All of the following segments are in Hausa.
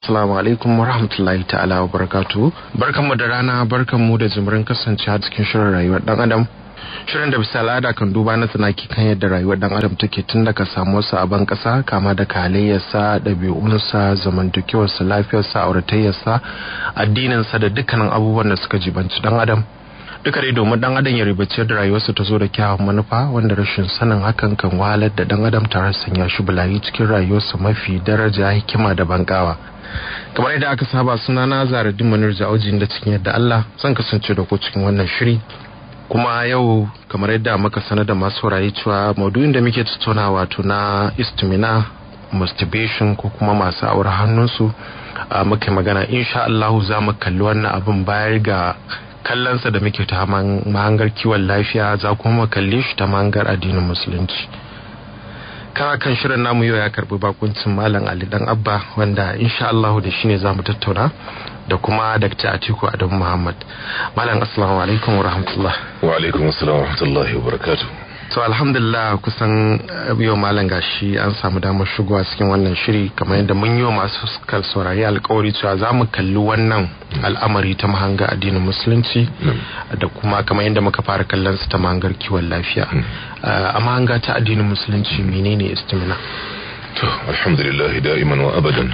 Assalamu alaikum wa rahmatullahi ta'ala wa barakatu. barkan mu da rana barkan mu da jimirin kasancewa cikin shirin rayuwar dan adam. Shirin da bisa al'ada kan duba na tsanaki kan yadda rayuwar dan adam take tun daga samuwarsa a ban kasa kama da kalayyarsa, ɗabi'unsa, zamantakewarsa, lafiyarsa, auratayyarsa, addininsa da dukkanin abubuwan da suka jibanci dan adam. duka dai domin dan adam ya ribace da rayuwarsa ta zo da kyawun manufa wanda rashin sanin hakan kan wahalar da dan adam tare sanya shi bulayi cikin rayuwarsa mafi daraja hikima da bankawa kamar yadda aka saba suna na zaradin manir ja'ojin da cikin yadda Allah zan kasance da ku cikin wannan shiri kuma yau kamar yadda muka sanar da masu rayuwa cewa maudu'in da muke tattauna wato na istimina masturbation ko kuma masu aure hannunsu muka magana insha Allah za mu kalli wannan abin bayar ga sa da muke ta mahangar kiwon lafiya za kuma kalle shi ta mahangar addinin musulunci kawa kan shirin namu yau ya karbi bakuncin malam ali dan abba wanda insha Allah da shine za mu tattauna da kuma dr atiku adamu muhammad malam assalamu alaikum wa rahmatullah wa alaikum assalam wa rahmatullahi wa barakatuh to alhamdulillah kusan biyo malam gashi an samu damar shugowa cikin wannan shiri kamar yadda mun yi wa masu kal saurayi alƙawari cewa za mu kalli wannan al'amari ta mahanga addinin musulunci da kuma kamar yadda muka fara kallon su ta mahangar kiwon lafiya a mahanga ta addinin musulunci menene istimina to alhamdulillah da'iman wa abadan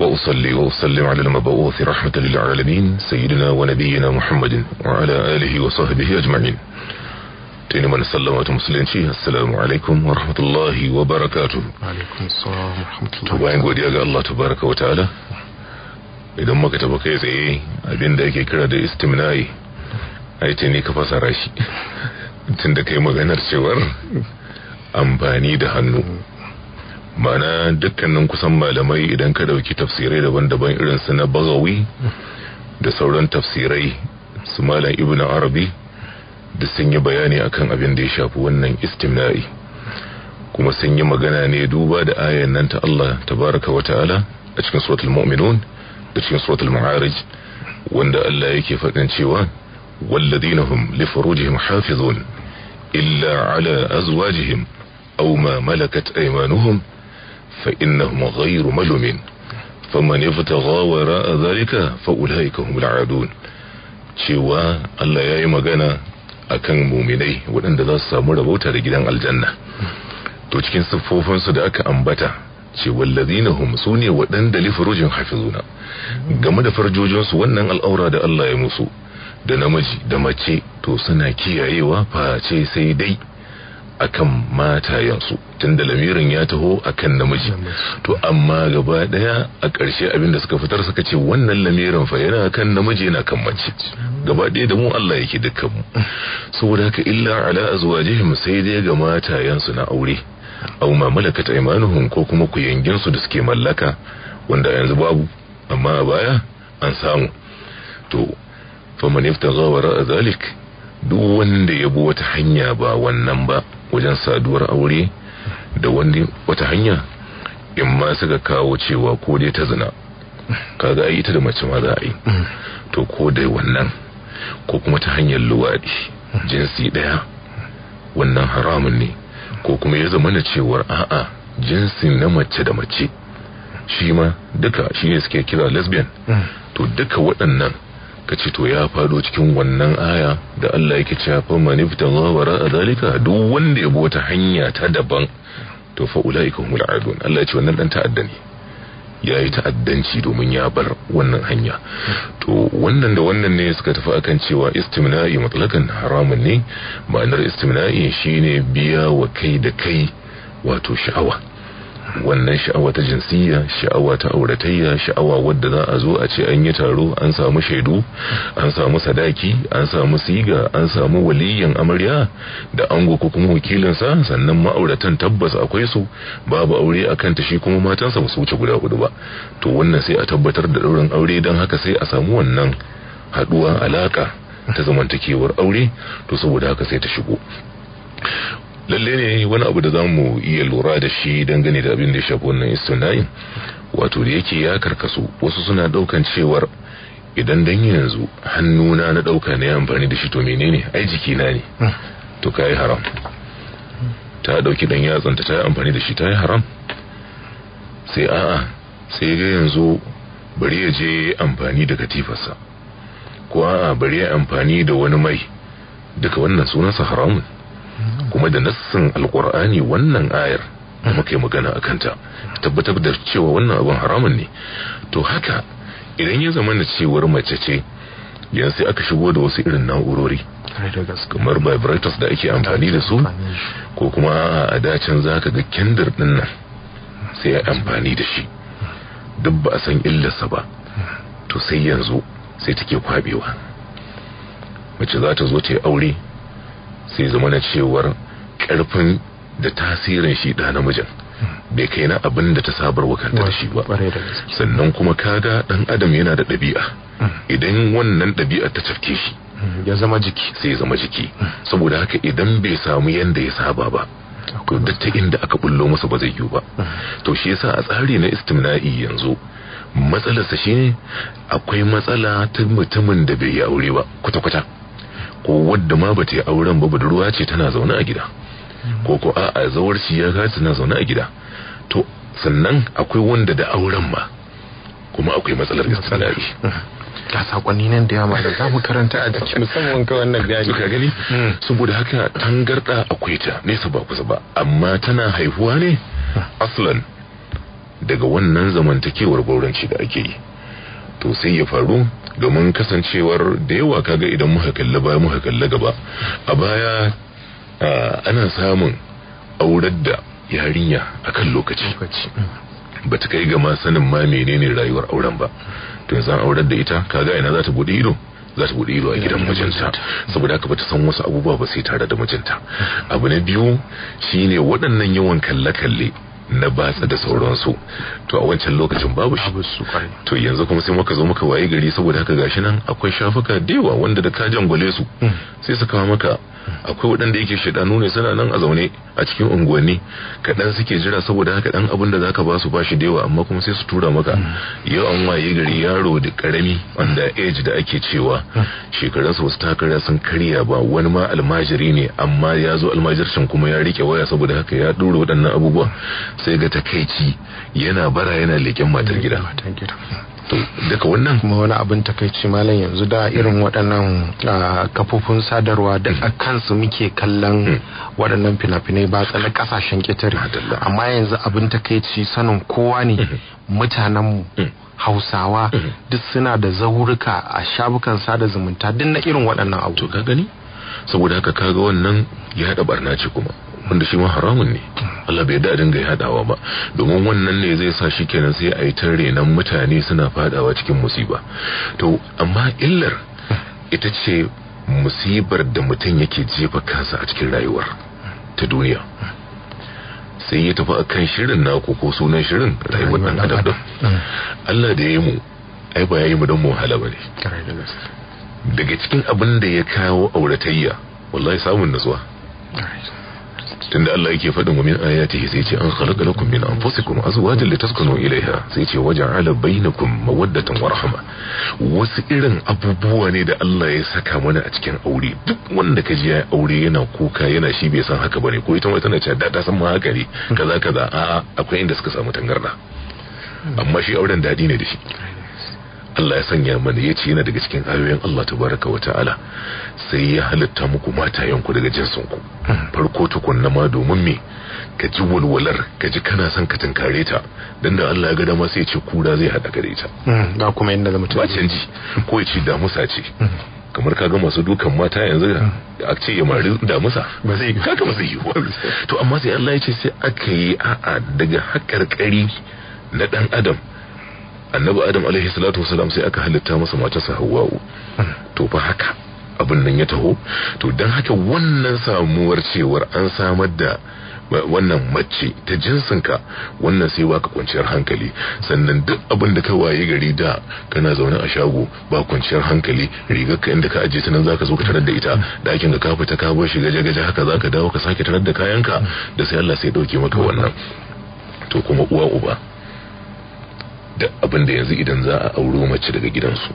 وأصلي وأسلم على المبعوث رحمة للعالمين سيدنا ونبينا محمد وعلى آله وصحبه أجمعين ta yi mana sallama ta musulunci assalamu alaikum wa rahmatullahi wa barakatu to godiya ga Allah tabaraka wa ta'ala idan maka taba kai tsaye abinda ake kira da istimna'i ai ne ka fasara shi tun da kai maganar cewar amfani da hannu mana dukkanin kusan malamai idan ka dauki tafsirai daban-daban irin su na bagawi da sauran tafsirai su malam ibn arabi da sun yi bayani akan abin da ya shafi wannan istimna'i kuma sun yi magana ne duba da ayan nan ta Allah tabaraka wa ta'ala a cikin suratul mu'minun da cikin suratul ma'arij wanda Allah yake faɗin cewa walladhina hum li furujihim hafizun illa ala azwajihim aw ma malakat aymanuhum fa innahum ghayru malumin faman yabtagha a dhalika fa ulaika humul adun cewa Allah yayi magana akan muminai waɗanda za su samu rabauta da gidan aljanna to cikin siffofinsu da aka ambata ce wallazina hum su ne waɗanda li furujin hafizuna game da farjojinsu wannan al'aura da Allah ya musu da namiji da mace to suna kiyayewa face sai dai akan matayensu tunda lamirin ya taho akan namiji to amma gaba daya a ƙarshe abinda suka fitar suka ce wannan lamirin fa yana kan namiji yana kan mace gaba daya da mu Allah yake dukkan mu saboda haka illa ala azwajihim sai dai ga matayensu na aure aw ma malakat aymanuhum ko kuma ku yangin su da suke mallaka wanda yanzu babu amma baya an samu to faman yaftagha wara zalik duk wanda ya bi wata hanya ba wannan ba wajen saduwar aure da wani wata hanya in ma suka kawo cewa ko dai ta zina kaga ai ita da mace ma za a yi mm. to ko dai wannan ko kuma ta hanyar luwaɗi jinsi ɗaya wannan haramun ne ko kuma ya zama na cewar a'a jinsin na mace da mace shi ma duka shi ne suke kira lesbian mm. to duka waɗannan kace to ya fado cikin wannan aya da Allah yake cewa fa manifta wara zalika duk wanda ya wata hanya ta daban to fa ulaika humul adun Allah ya ce wannan dan ta'adda ne ya yi ta'addanci domin ya bar wannan hanya to wannan da wannan ne suka tafi akan cewa istimna'i mutlakan haramun ne ma'anar istimna'i shine biya wa kai da kai wato sha'awa wannan sha'awa ta jinsiyya sha'awa ta auratayya sha'awa wadda za a zo a ce an yi taro an samu shaidu an samu sadaki an samu siga an samu waliyan amarya da ango ko kuma wakilinsa sannan ma'auratan tabbas akwai su babu aure a kanta shi kuma matansa ba su wuce guda hudu ba to wannan sai a tabbatar da ɗaurin aure don haka sai a samu wannan haɗuwa alaka ta zamantakewar aure to saboda haka sai ta shigo lalle ne wani abu da za mu iya lura da shi dangane da abin da ya shafi wannan istinayin wato da yake ya karkasu wasu suna daukan cewar idan dan yanzu hannuna na dauka na amfani da shi to menene ai jiki na ne to kai haram ta dauki dan yatsan ta yi amfani da shi ta yi haram sai a'a sai ga yanzu bari ya je amfani da katifarsa ko a'a bari ya amfani da wani mai duka wannan sunansa haramun kuma da nassin alkur'ani wannan ayar da muke magana a kanta tabbatar da cewa wannan abin haramun ne to haka idan ya zama na cewar mace ce yan sai aka shigo da wasu irin na'urori kamar vibrators da ake amfani da su ko kuma a dacin ka ga kendir din nan sai ya amfani da shi duk ba a san illarsa ba to sai yanzu sai take kwabewa mace za ta zo ta yi aure sai zama na cewar karfin da tasirin shi da namijin bai kai na abin da ta sabar wakanta da shi ba sannan kuma kaga dan adam yana da ɗabi'a mm. idan wannan ɗabi'a ta cafke shi mm, ya zama jiki sai zama jiki mm. saboda haka idan bai samu yadda ya saba ba duk ta inda aka bullo masa ba zai yiwu ba to shi yasa a tsari na istimna'i yanzu matsalarsa shine akwai matsala ta mutumin da bai yi aure ba kwata-kwata ko wadda ma bata auren ba budurwa ce tana zaune a gida ko ko a a zawarci ya ga tana zaune a gida to sannan akwai wanda da auren ma kuma akwai matsalar istinabi ga sakonni nan da yawa da zamu karanta a cikin musamman ka wannan gari ka gani hmm. saboda haka tangarda akwai ta nesa ba kusa ba amma tana haihuwa ne aslan daga wannan zamantakewar gauranci da ake yi to sai ya faru domin kasancewar da yawa kaga idan muka kalla baya muka kalla gaba a baya ana samun aurar da yarinya akan lokaci ba ta kai ga ma sanin ma menene rayuwar auren ba tun zan aurar da ita kaga ina za ta bude ido za ta bude ido a gidan mijinta saboda haka bata san wasu abubuwa ba sai tare da mijinta abu na biyu shine waɗannan yawan kalle-kalle na batsa da sauransu to a wancan lokacin babu shi to yanzu kuma sai muka zo muka waye gari saboda haka gashi nan akwai shafuka da yawa wanda da ka jangwale su hmm. sai su kawo maka akwai waɗanda yake shaidanu ne suna nan a zaune a cikin unguwanni kaɗan suke jira saboda haka ɗan abin da zaka ba su ba shi da yawa amma kuma sai su tura maka mm. yau an waye gari yaro da ƙarami wanda age da ake cewa mm. shekarunsa wasu takara sun karya ba wani ma almajiri ne amma ya zo almajirshin kuma ya rike waya saboda haka ya ɗora waɗannan abubuwa sai ga takaici yana bara yana leƙen matar gida to daga wannan kuma wani abin takaici malam yanzu da irin waɗannan kafofin sadarwa da a kansu muke kallon hmm. waɗannan fina-finai ba tsanar ƙasashen ƙetare amma yanzu abin takaici sanin kowa ne hmm. mutanenmu hmm. hausawa duk suna da zaurika a shabukan sada zumunta duk na irin waɗannan abu to ka gani saboda haka kaga wannan ya haɗa barna ce kuma wanda shi ma haramun ne Allah bai da dinga hadawa ba domin wannan ne zai sa shi kenan sai a yi renan mutane suna fadawa cikin musiba to amma illar ita ce musibar da mutum yake jefa kansa a cikin rayuwar ta duniya sai ya tafi akan shirin naku ko sunan shirin rayuwar dan adam Allah da ya yi mu ai ba ya mu don mu wahala bane daga cikin abin da ya kawo auratayya wallahi samun nutsuwa tunda Allah yake faɗin wa min ayatihi sai ce an khalaqa lakum min anfusikum azwajan litaskunu ilaiha sai ce waja'ala bainakum mawaddatan wa rahma wasu irin abubuwa ne da Allah ya saka mana a cikin aure duk wanda ka ji ya aure yana kuka yana shi bai san haka bane ko ita ma tana cewa da ta san ma haka ne kaza kaza a'a akwai inda suka samu tangarda amma shi auren dadi ne da shi Allah ya sanya mana ya ce yana daga cikin ayoyin Allah tabaraka wa ta'ala sai ya halitta muku mata yanku daga jinsinku hmm. farko tukunna ma domin me ka ji walwalar ka ji kana son ka tinkare ta dan da Allah ya ga dama sai ya ce kura zai hada ka da ita hmm, kuma inda da mutum ba canji ko ya ce damusa ce hmm. kamar ka ga masu dukan mata yanzu a ce ya mari damusa ba zai yi Ka zai yi to amma sai Allah ya ce sai aka yi a'a daga hakarkari na dan adam annabi adam alaihi salatu wasalam sai aka halitta masa mace sa hawa'u to fa haka abin nan ya taho to dan haka wannan samuwar cewar an samar da wannan mace ta jinsin ka. wannan sai baka kwanciyar hankali sannan duk abin da ka waye gari da kana zaune a shago ba kwanciyar hankali rigar ka inda ka aje ta nan zaka zo ka tarar da ita dakin ka kafa ta ka bar shi gaje gaje haka zaka dawo ka sake tarar da kayan ka. da sai Allah sai dauke maka wannan to kuma uwa uba Da abin da yanzu idan za a auro mace daga gidansu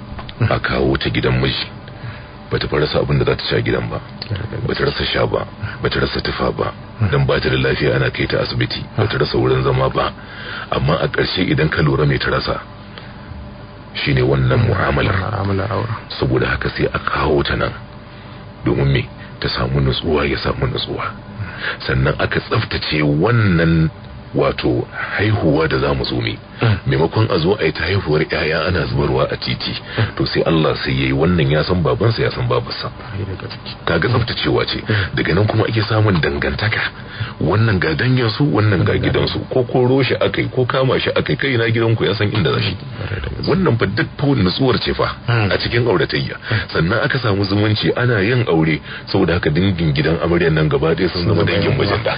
a kawo ta gidan miji bata ta rasa abin da za ta sha gidan ba bata rasa sha ba bata rasa tufa ba Don ba ta da lafiya ana kai ta asibiti bata rasa wurin zama ba amma a ƙarshe idan ka lura mai ta rasa shine wannan mu'amalar saboda haka sai a kawo ta nan domin me ta samu nutsuwa ya samu nutsuwa sannan aka tsaftace wannan wato haihuwa da zamu zo mi mm. maimakon a zo a yi ta haihuwar yaya ana zubarwa a titi mm. to sai Allah sai yayi wannan ya san babansa ya san babarsa kaga mm. tsaftacewa ce daga nan kuma ake samun dangantaka wannan ga danyen su wannan ga gidansu ko ko roshi akai ko kama shi akai kai na gidanku ya san inda zashi wannan fa duk fa nutsuwar ce fa a cikin auratayya sannan aka samu zumunci ana yin aure saboda haka dingin gidan amaryar nan gaba ɗaya sun zama dangin mijinta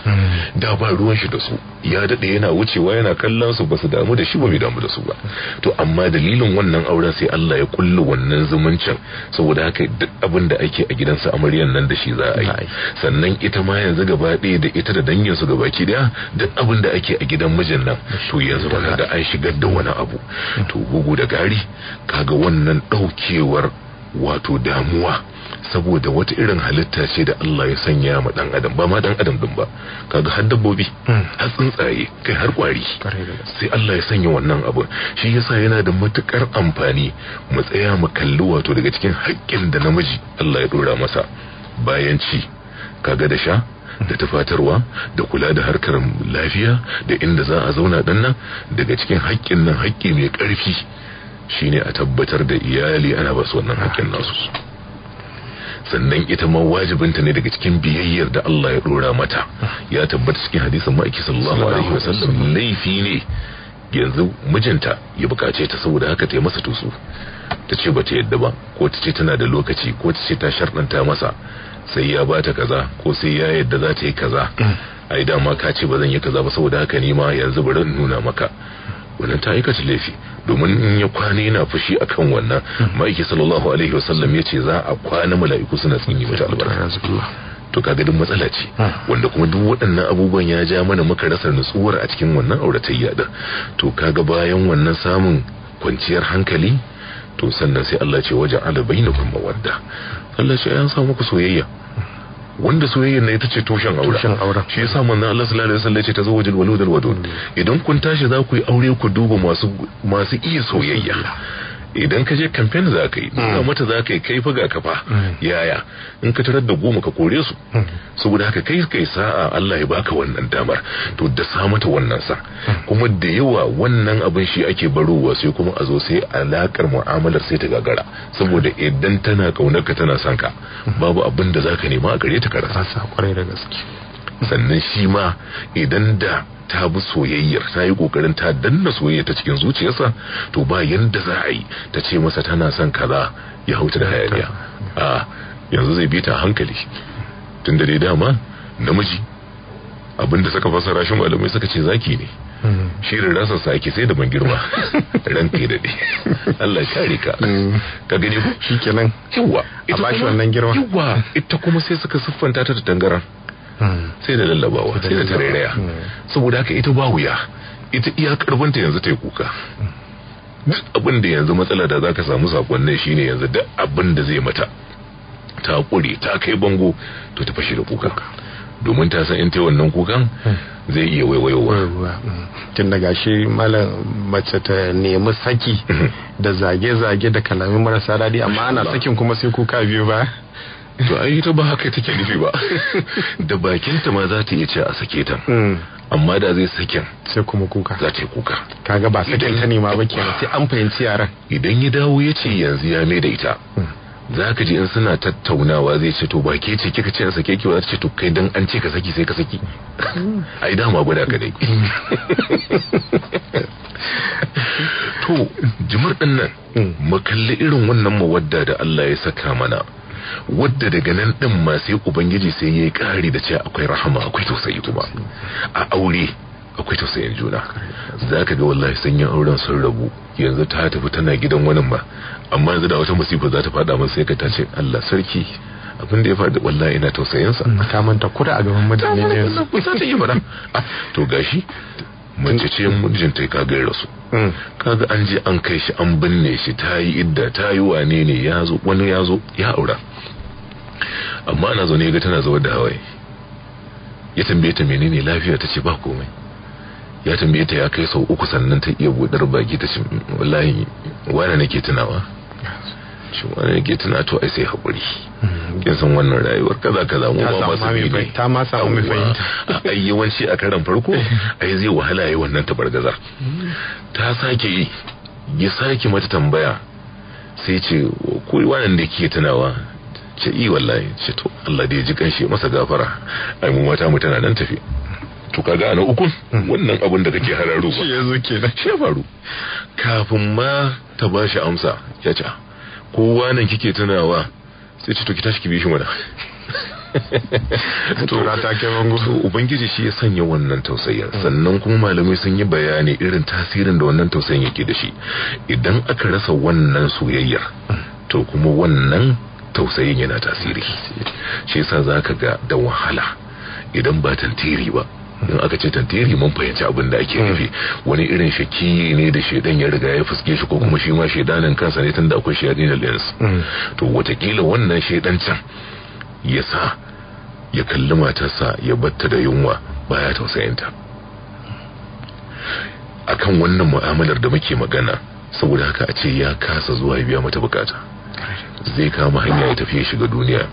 da ba ruwan shi da su ya ya dade yana wucewa yana kallon su basu damu da shi ba bai damu da su ba to amma dalilin wannan auren sai Allah ya kullu wannan zumuncin saboda haka duk abin da ake a gidansa amaryan nan da shi za a yi sannan ita ma yanzu gaba ɗaya da ita da dangin su gabaki daya duk abin da ake a gidan mijin nan to yanzu ba da an shigar da wani abu to gugu da gari kaga wannan daukewar wato damuwa saboda wata irin halitta ce da Allah ya sanya ma dan adam ba ma dan adam din ba kaga har dabbobi hmm. har tsuntsaye kai har kwari sai Allah ya sanya wannan abu shi yasa yana da matukar amfani mu tsaya mu kalli wato daga cikin haƙƙin da namiji Allah ya dora masa bayan ci kaga da sha da tafatarwa da kula da harkar lafiya da inda za a zauna nan daga cikin haƙƙin nan haƙƙi mai ƙarfi shine a tabbatar da iyali ana ba su wannan haƙƙin nasu sannan ita ma wajibinta ne daga cikin biyayyar da Allah ya dora mata ya tabbata cikin hadisin ma'aiki sallallahu alaihi wasallam laifi ne yanzu mijinta ya bukace ta saboda haka ta yi masa tusu ta ce bata yadda ba ko ta ce tana da lokaci ko ta ce ta sharɗanta masa sai ya bata kaza ko sai ya yadda za ta yi kaza mm. ai dama ka ce ba zan yi kaza ba saboda haka ni ma yanzu bari nuna maka wannan ta aikata laifi domin in ya kwana yana fushi akan wannan hmm. ma'aiki sallallahu alaihi wasallam ya ce za a kwana mala'iku suna tsinye mata albarka to kaga duk matsala ce hmm. wanda kuma duk waɗannan abubuwan ya ja mana muka rasa nutsuwar a cikin wannan auratayya din to kaga bayan wannan samun kwanciyar hankali to sannan sai Allah ce waje ala bainakum mawadda Allah shi ya samu ku soyayya wanda soyayyar na ita ce tushen aure tushen aure shi yasa manzon Allah sallallahu alaihi wasallam ya ce tazawwajul walud wal wadud hmm. idan kun tashi za ku yi aure ku duba masu masu iya soyayya hmm. idan ka je kamfen za ka yi hmm. nuna mata za ka yi kai ga kafa hmm. yaya in ka tarar da goma ka kore su hmm. saboda haka kai kai sa'a Allah ya baka wannan damar to da sa mata wannan sa kuma da yawa wannan abin shi ake barowa sai kuma a zo sai alakar mu'amalar sai ta gagara saboda idan tana kaunar ka tana son ka babu abin da ka nema a gare ta ka rasa sannan shi ma idan da ta bi soyayyar ta yi kokarin ta danna soyayya ta cikin zuciyarsa to ba yanda za a yi ta ce masa tana son kaza ya hauta da hayaniya a yanzu zai bi ta hankali tun da dai dama namiji abinda suka fasara shi malamai suka ce zaki ne hmm. shirin rasa sake sai da ban girma ran ya dade Allah kare ka hmm. ka gani shikenan yawa a kuma wannan girma yawa ita kuma sai suka siffanta ta da tangaran sai da lallabawa sai da tarairaya hmm. saboda haka ita ba wuya ita iya karbanta yanzu ta yi kuka duk abin da yanzu matsala da zaka samu sakonnin shine yanzu duk abin da zai mata ta kure ta kai bango to ta fashe da kuka domin ta san in ta wannan kukan hmm. zai iya waiwayowa hmm. tun daga shi malam mace ta nemi saki da zage-zage da kalamin marasa daɗi amma ana sakin kuma sai kuka biyu ba to ai ta ba haka take nufi ba da bakinta ma za ta iya ce a sake ta hmm. amma da zai saken sai kuma kuka za ta yi kuka kaga ba saken ta ne ma ba kenan sai an fahimci yaran idan ya dawo ya ce yanzu ya mai da ita hmm. za ka ji in suna tattaunawa zai ce to ba ke ce kika ce sake ki ba ce to kai dan an ce ka saki sai ka saki hmm. ai dama gwada ka dai to jimar din nan mu kalli irin wannan mawadda da Allah ya saka mana wadda daga nan din ma sai ubangiji sai yayi kari da cewa akwai rahama akwai tausayi kuma a aure akwai tausayin juna zaka ga wallahi sanyin auren sun rabu yanzu ta tafi tana gidan wani ma amma yanzu da wata musiba za ta fada masa sai ka tace Allah sarki abin da ya faɗi wallahi ina tausayin sa ta manta kuda a gaban mutane ne ta ta yi mana ah, to gashi mace ce ta ka ga rasu mm. kaga an je an kai shi an binne shi ta yi idda ta yi wane ne ya zo wani ya zo ya aura amma ana zaune ga tana zuwa da hawaye ya tambaye ta menene lafiya ta ce ba komai ya tambaye ta ya kai sau uku sannan ta iya budar baki ta ce mm, wallahi wani nake tunawa shi wani nake tuna to ai sai haƙuri mm-hmm. kin san wannan rayuwar kaza kaza mu ba masu bi ta ma samu mai fahimta ai yawanci a karan farko ai zai wahala yi wannan tabargazar mm-hmm. ta sake yi ya sake mata tambaya sai ce ko wani da ke tunawa ce yi wallahi ce to Allah da ya ji kanshi masa gafara ai mu mata mu tana nan tafi to kaga ana ukun hmm. wannan abin da kake hararo shi yanzu kenan shi faru kafin ma ta bashi amsa ya ce kowa nan kike tunawa sai ce to ki tashi ki bi shi mana to ubangiji shi ya sanya wannan tausayin hmm. sannan kuma malamai sun yi bayani irin tasirin da wannan tausayin yake da shi idan aka rasa wannan soyayyar hmm. to kuma wannan tausayin yana tasiri shi yasa zaka ga da wahala idan ba tantiri ba in aka ce tantiri mun fahimci abin da ake nufi hmm. wani irin shaki ne da shedan ya riga ya fuske shi ko kuma shi ma shedanin kansa ne tunda akwai da lens hmm. to watakila wannan shedan can ya sa ya kalli matarsa ya batta da yunwa baya tausayin ta akan wannan mu'amalar da muke magana saboda haka a ce ya kasa zuwa ya biya mata bukata zai kama hanya ya tafi shiga duniya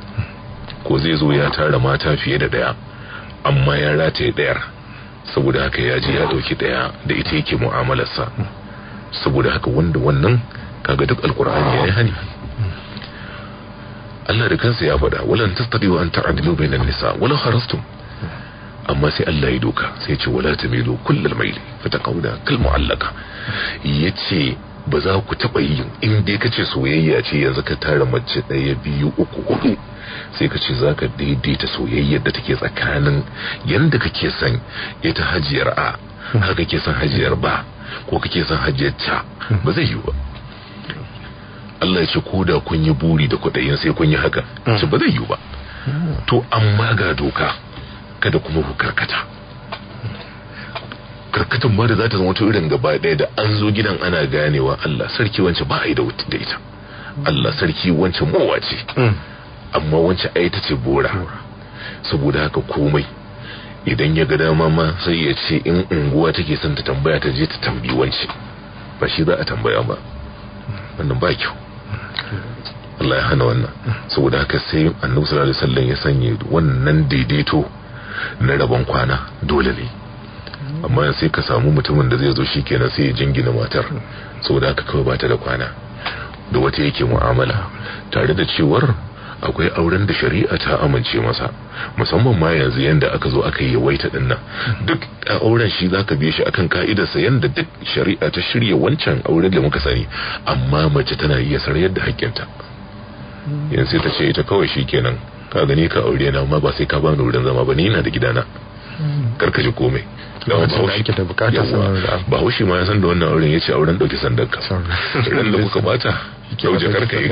ko zai zo ya tara mata fiye da daya amma ya rataya dayar saboda haka ya ji ya dauki daya da ita yake mu'amalarsa saboda haka wanda wannan kaga duk alkur'ani ya yi hani Allah da kansa ya faɗa walan tastati'u an ta'dilu bainan nisa wala kharastum amma sai Allah ya doka sai ya ce wala tamilu kullal maili fataqawda kal mu'allaka yace ba za ku taɓa yi in dai ka ce soyayya ce yanzu ka tara mace ɗaya biyu uku hudu sai ka ce za ka daidaita soyayya da take tsakanin yadda kake son ita hajiyar a Ka kake son hajiyar ba ko kake san hajiyar ca ba zai yi ba Allah ya ce ko da kun yi buri da kuɗayen sai kun yi haka ce mm. ba zai yi ba mm. to amma ga doka kada kuma ku karkata Karkatun bada zata za ta zama wata irin gaba ɗaya da an zo gidan ana ganewa Allah sarki wancan ba a yi da ita Allah sarki wancan mowa ce mm. amma wancan aita ce bora saboda haka komai idan ya ga dama ma sai ya ce in unguwa take son ta tambaya ta je ta tambayi wance ba shi za a tambaya ba wannan ba kyau Allah ya hana wannan saboda haka sai annabi sallallahu alaihi wasallam ya sanya wannan daidaito na rabon kwana dole ne amma sai ka samu mutumin da zai zo shi kenan sai ya jingina matar saboda haka kawai ba ta da kwana da wata yake mu'amala tare da cewar akwai auren da shari'a ta amince masa musamman ma yanzu yanda aka zo aka yi waita din nan duk auren shi zaka biye shi akan ka'idarsa yanda duk shari'a ta shirya wancan auren da muka sani amma mace tana iya sarayar da haƙƙinta yanzu sai ta ce ita kawai shi kenan ka gani ka aure na ma ba sai ka bani wurin zama ba ni ina da gidana karka ji komai don ba haushi ma ya san da wannan auren ya ce auren dauki sandanka ran da kuka bata yau jakar ka yi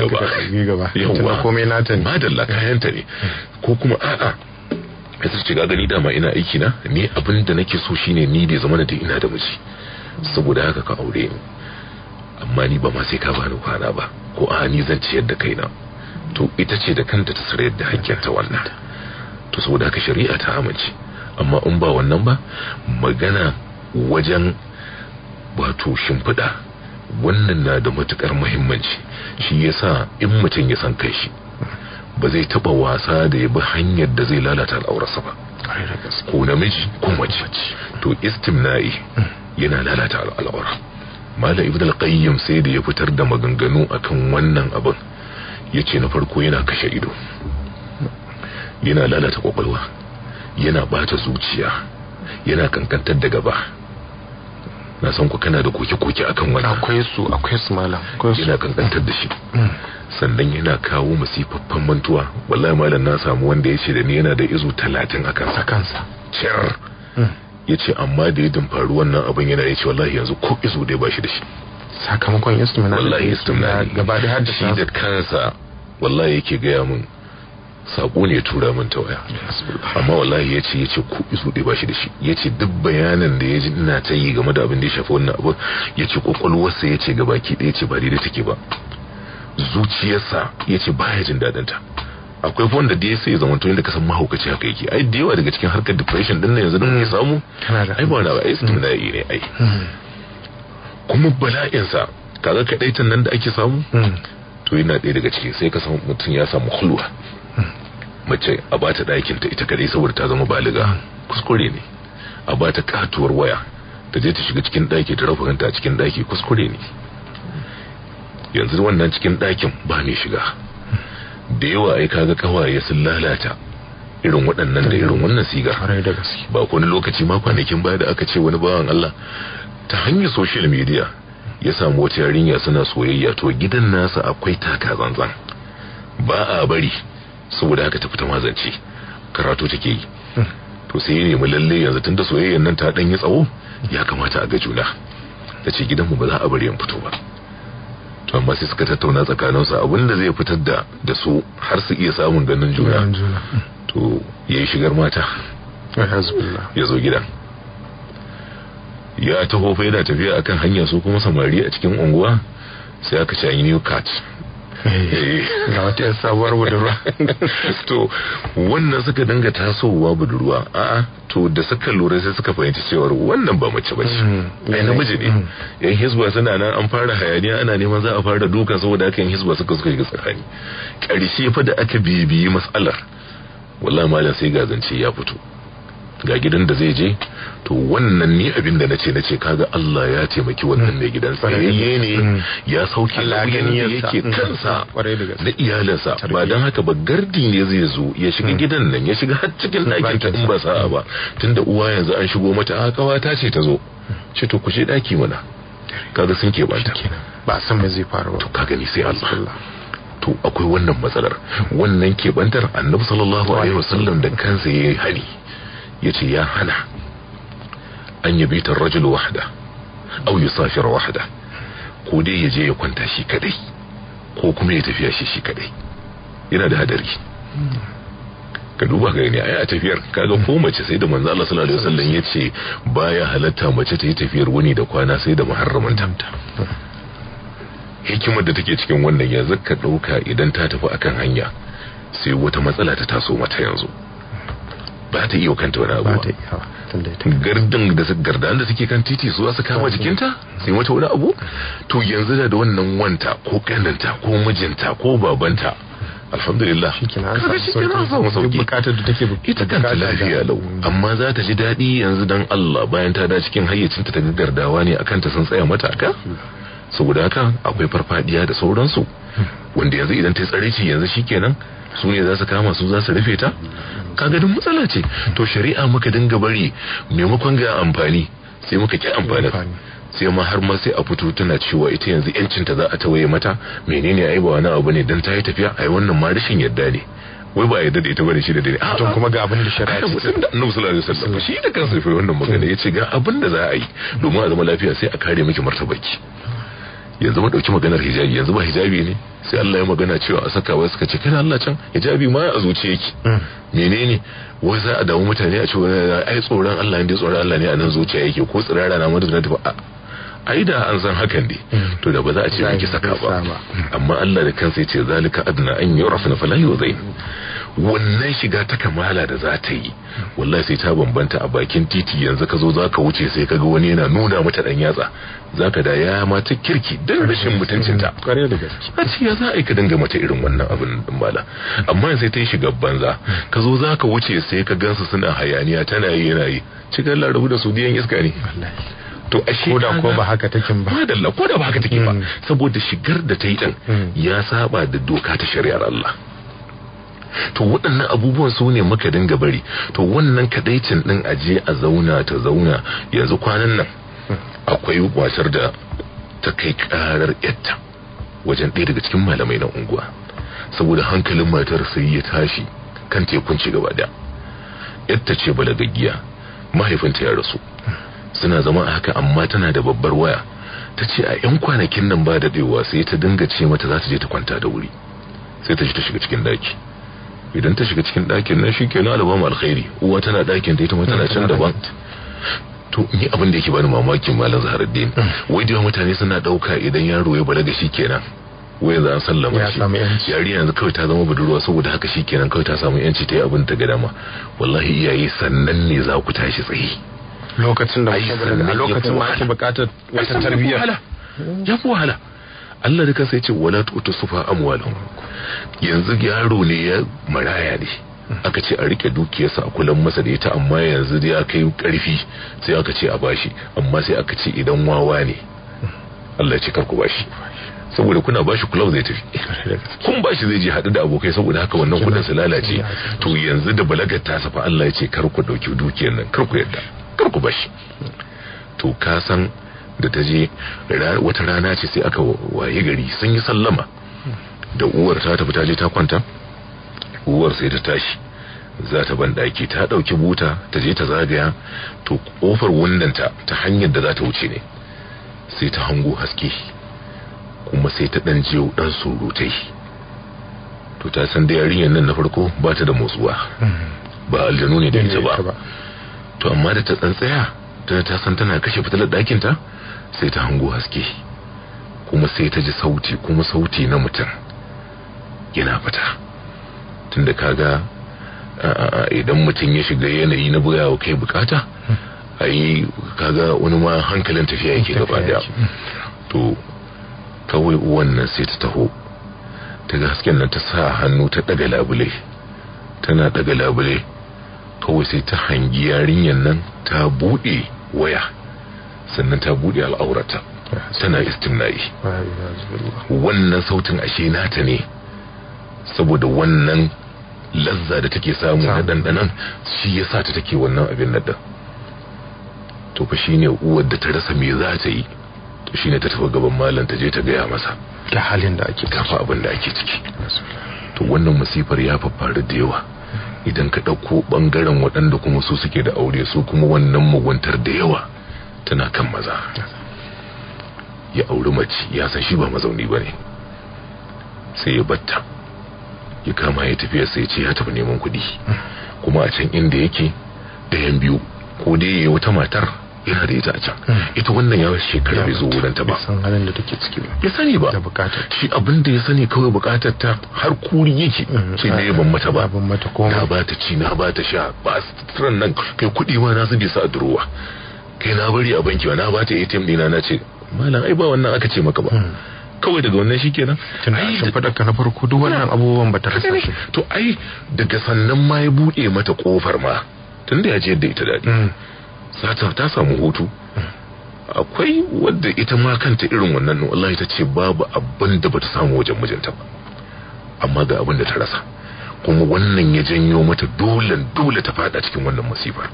gaba yawwa komai ta ne madalla kayanta ne ko kuma a'a ya sace shiga gani dama ina aiki na ni abin da nake so shine ni bai zama da ina da miji saboda haka ka aure ni amma ni ba ma sai ka bani kwana ba ko a ni zan ciyar da kaina to ita ce da kanta ta sayar da hakkin ta wannan to saboda haka shari'a ta amince amma in ba wannan ba magana wajen wato shimfiɗa wannan na da matukar muhimmanci shi yasa in mutum ya san kai shi ba zai taɓa wasa da ya bi hanyar da zai lalata al'aurarsa ba ko namiji ko mace to istimna'i yana lalata al'aura mala ibn al-qayyim sai da ya fitar da maganganu akan wannan abin yace na farko yana kashe ido yana lalata kwakwalwa yana bata zuciya yana kankantar da gaba na san ku kana da koke-koke akan wani akwai su akwai su malam yana kankantar da shi mm. sannan yana kawo masifaffen mantuwa wallahi malam na samu wanda ya ce da ni yana da izu talatin a kansa kansa cer mm. ya ce amma da ya dimfaru wannan abin yana ya ce wallahi yanzu ko izu dai ba bashi da shi sakamakon istimina wallahi istimina gaba da haddasa shi da kansa wallahi yake gaya min sako ne tura min ta waya amma wallahi ya ce ya ce ku isu ɗaya bashi da shi yace duk bayanin da ya ji ina ta yi game da abin da ya shafi wannan abu ya ce kwakwalwarsa ya ce gabaki ɗaya ce ba daidai take ba zuciyarsa ya ce ba ya jin daɗinta akwai wanda da ya sai zama tuni da kasan mahaukaci haka yake ai da yawa daga cikin harkar depression din nan yanzu din ya samu ai ba wani ba ai sun da hmm. ne ai hmm. kuma bala'insa kaga kadaitan nan da ake samu hmm. to yana ɗaya daga ciki sai ka san mutum ya samu hulwa mace a bata ɗakin ta ita kadai saboda ta zama baliga kuskure ne a bata katuwar waya ta je ta shiga cikin daki ta rufe hanta cikin ɗaki kuskure ne yanzu wannan cikin ɗakin ba mai shiga da yawa ai kaga kawaye sun lalata irin waɗannan da irin wannan siga ba wani lokaci ma kwanakin baya da aka ce wani bawan Allah ta hanyar social media ya samu wata yarinya suna soyayya to gidan nasa akwai taka zanzan ba a bari saboda haka ta fita mazance karatu take yi hmm. to sai ne mu lalle yanzu tunda soyayyan nan ta dan yi tsawo ya kamata a ga juna ta ce gidanmu ba za a bari yan fito ba to amma sai suka tattauna tsakaninsu da zai fitar da da su har su iya samun ganin juna hmm. to yayi shigar mata ya zo gidan ya taho fa yana tafiya akan hanya su kuma samari a cikin unguwa sai aka ci an yi Eh, ga wata yan sabuwar budurwa to wannan suka dinga tasowa budurwa a'a to da suka lura sai suka fahimci cewar wannan ba mace ba ce mm, ai namiji ne mm. yan hisba suna nan an fara hayaniya ana neman za a fara duka saboda haka yan hisba suka suka yi tsakani ƙarshe fa da aka bibiyi matsalar wallahi malam sai ga zance ya fito ga gidan da zai je to wannan ni abin da nace nace kaga Allah ya taimaki wannan mm. mai gidan sa. ne mm. ya sauke nauyin da yake mm. kansa da iyalansa. ba dan haka ba gardi ne zai zo ya shiga gidan nan ya shiga har cikin ɗakin ta in ba sa'a ba tunda uwa yanzu an shigo mata a ah, kawata ce ta zo ce to ku je ɗaki mana kaga sun ke banta ba san me zai faru ba to kaga ni sai Allah to akwai wannan matsalar wannan ke bantar annabi sallallahu alaihi wasallam da kansa yayi hani. yace ya hana an yabita ar-rajul wahda aw yusafir wahda ko dai yaje ya kwanta shi kadai ko kuma ya tafiya shi shi kadai yana da hadari ka duba ga ne a tafiyar kaga ko mace sai da manzo Allah sallallahu sallan wasallam yace baya halarta mace ta yi tafiyar wani da kwana sai da muharraman hikimar da take cikin wannan yanzu ka ɗauka idan ta tafi akan hanya sai wata matsala ta taso mata yanzu ba ta iya kanta wani abuwa ba gardin da su gardan da suke kan titi su su kama jikinta sai wata wani abu to yanzu da wannan wanta ko kananta ko mijinta ko babanta alhamdulillah kaga shi da ita kanta lafiya lau mm. amma za ta ji daɗi yanzu dan Allah bayan ta da cikin hayyacinta ta gardawa ne akan ta sun tsaya mata mm. saboda haka akwai farfadiya da sauransu mm. wanda yanzu idan ta tsare ce yanzu shikenan su ne za su kama su za su rufe ta kaga duk matsala ce to shari'a muka dinga bari maimakon ga amfani sai muka ki amfani sai ma har ma sai a fito tana cewa ita yanzu yancin ta za a tawaye mata menene ai ba wani abu ne dan ta yi tafiya ai wannan ma rashin yarda ne wai ba yarda da ita bane shi da dare a tun kuma ga abin da shari'a ce tun da Annabi sallallahu alaihi wasallam shi da kansa fa wannan magana yace ga abin da za a yi domin a zama lafiya sai a kare miki martabarki yanzu mu dauki maganar hijabi yanzu ba hijabi ne sai Allah ya magana cewa a saka wai suka ce kana Allah can hijabi ma a zuciya yake mm. menene wai za a damu mutane a ce ai tsoron Allah ne tsoron Allah ne a nan zuciya yake ko tsirara na mutum na tafi ai da an san hakan ne mm. to da ba za a ce ki saka ba mm. amma Allah da kansa ya ce zalika adna an yurafna fala yuzain wannan shiga ta kamala da za ta yi wallahi sai ta bambanta a bakin titi yanzu ka zo za ka wuce sai ka ga wani yana nuna mata dan yatsa za ka da ya mata kirki don rashin mutuncinta kare mm, da gaske a ce ya za a yi ka dinga mata irin wannan abin bala amma sai ta yi shiga banza ka zo za ka wuce sai ka gansu suna hayaniya tana yi yana yi cikin larabu da su diyan iska ne to ashe ko da ko ba haka take ba madalla ko da ba haka take ba mm. saboda shigar da ta yi din mm. ya saba da doka ta shari'ar Allah to waɗannan abubuwan su ne muka dinga bari to wannan kadaicin din aje a zauna ta zauna yanzu kwanan nan akwai wasar da ta kai karar yatta wajen ɗaya daga cikin malamai na unguwa saboda hankalin matar sai ya tashi kan tekun ci gaba da yatta ce balagaggiya mahaifinta ya rasu suna zama a haka amma tana da babbar waya ta ce a 'yan kwanakin nan ba daɗewa sai ta dinga ce mata za ta je ta kwanta da wuri sai ta ji ta shiga cikin daki idan ta shiga cikin ɗakin nan shikenan albamu alkhairi uwa tana ɗakin da ita ma tana can daban to ni abin da yake bani mamakin malam zaharuddin mm. wai da mutane suna ɗauka idan yaro ya balaga shikenan wai za a sallama shi yari yanzu kawai ta zama budurwa saboda haka shikenan kawai ta samu yanci ta yi abin ta gada ma. wallahi iyaye sannan ne za ku tashi tsaye lokacin da a lokacin ma ake bukatar wata tarbiyya ya fi wahala Allah da kansa ya ce wala tu'tu sufa amwalahum yanzu yaro ne ya maraya ne aka ce a rike dukiyarsa a kulan masa da ita amma yanzu da ya kai karfi sai aka ce a bashi amma sai aka ce idan wawa ne Allah ya ce karku bashi saboda kuna bashi kulau zai tafi kun bashi zai je hadu da abokai saboda haka wannan kudin su lalace to yanzu da balagar ta safa Allah ya ce kar ku dauki dukiyar nan kar ku yadda kar ku bashi to ka san da ta je wata rana ce sai aka waye gari sun yi sallama da uwar ta tafi ta je ta kwanta uwar sai ta tashi za ta ban daki ta dauki buta ta je ta zagaya to kofar wannan ta hanyar da za ta wuce ne sai ta hango haske kuma sai ta dan jiyo dan surutai to ta san da yarinyar nan na farko ba ta da motsuwa hmm. ba aljanu ne da ita ba to amma da ta tsantsaya tana ta san tana kashe fitilar ta sai ta hango haske kuma sai ta ji sauti kuma sauti na mutum yana fita tunda kaga idan mutum ya shiga yanayi na buga wa kai bukata hmm. ai kaga wani ma hankalin tafiya yake gaba daya hmm. to kawai uwan nan sai ta taho ta ga hasken nan ta sa hannu ta daga labule tana daga labule kawai sai ta hangi yarinyar nan ta bude waya sannan ta bude al'aurata tana istimna'i wannan sautin ashe nata ne saboda wannan lazza da take samu na dandanan shi ya sa ta take wannan abin nan to fa shine uwar da ta rasa me za ta yi to shine ta tafi gaban malam ta je ta gaya masa ta halin da ake kafa abin da ake ciki to wannan masifar ya faru da yawa idan ka ɗauko ɓangaren waɗanda kuma su suke da aure su kuma wannan muguntar da yawa tana kan maza ya auri mace ya san shi ba mazauni bane sai ya batta ya kama ya tafiya sai ce ya tafi neman kuɗi kuma a can inda yake ɗayan biyu ko dai ya wata matar yana da ita a can hmm. ita wannan ya shekara bai zo wurin ba san halin da take ciki ba ya sani ba shi abin da ya sani kawai bukatar ta har kuri yake hmm. sai da yaban mata ba mata komai na ba ci na ba sha ba ran nan kai kuɗi ma na zube sa a durowa kai na bari a banki na bata ta ATM dina na ce malam ai ba wannan aka ce maka ba hmm. kawai daga wannan shi kenan ai fada ka na farko duk wannan abubuwan ba ta rasa shi to ai daga sannan ma ya buɗe mata kofar ma tunda ya je da ita daɗi Sata mm. ta samu hutu akwai wadda ita ma kanta irin wannan wallahi ta ce babu abin da bata samu wajen mijinta ba amma ga abin da ta rasa kuma wannan ya janyo mata dole dole ta fada cikin wannan masifar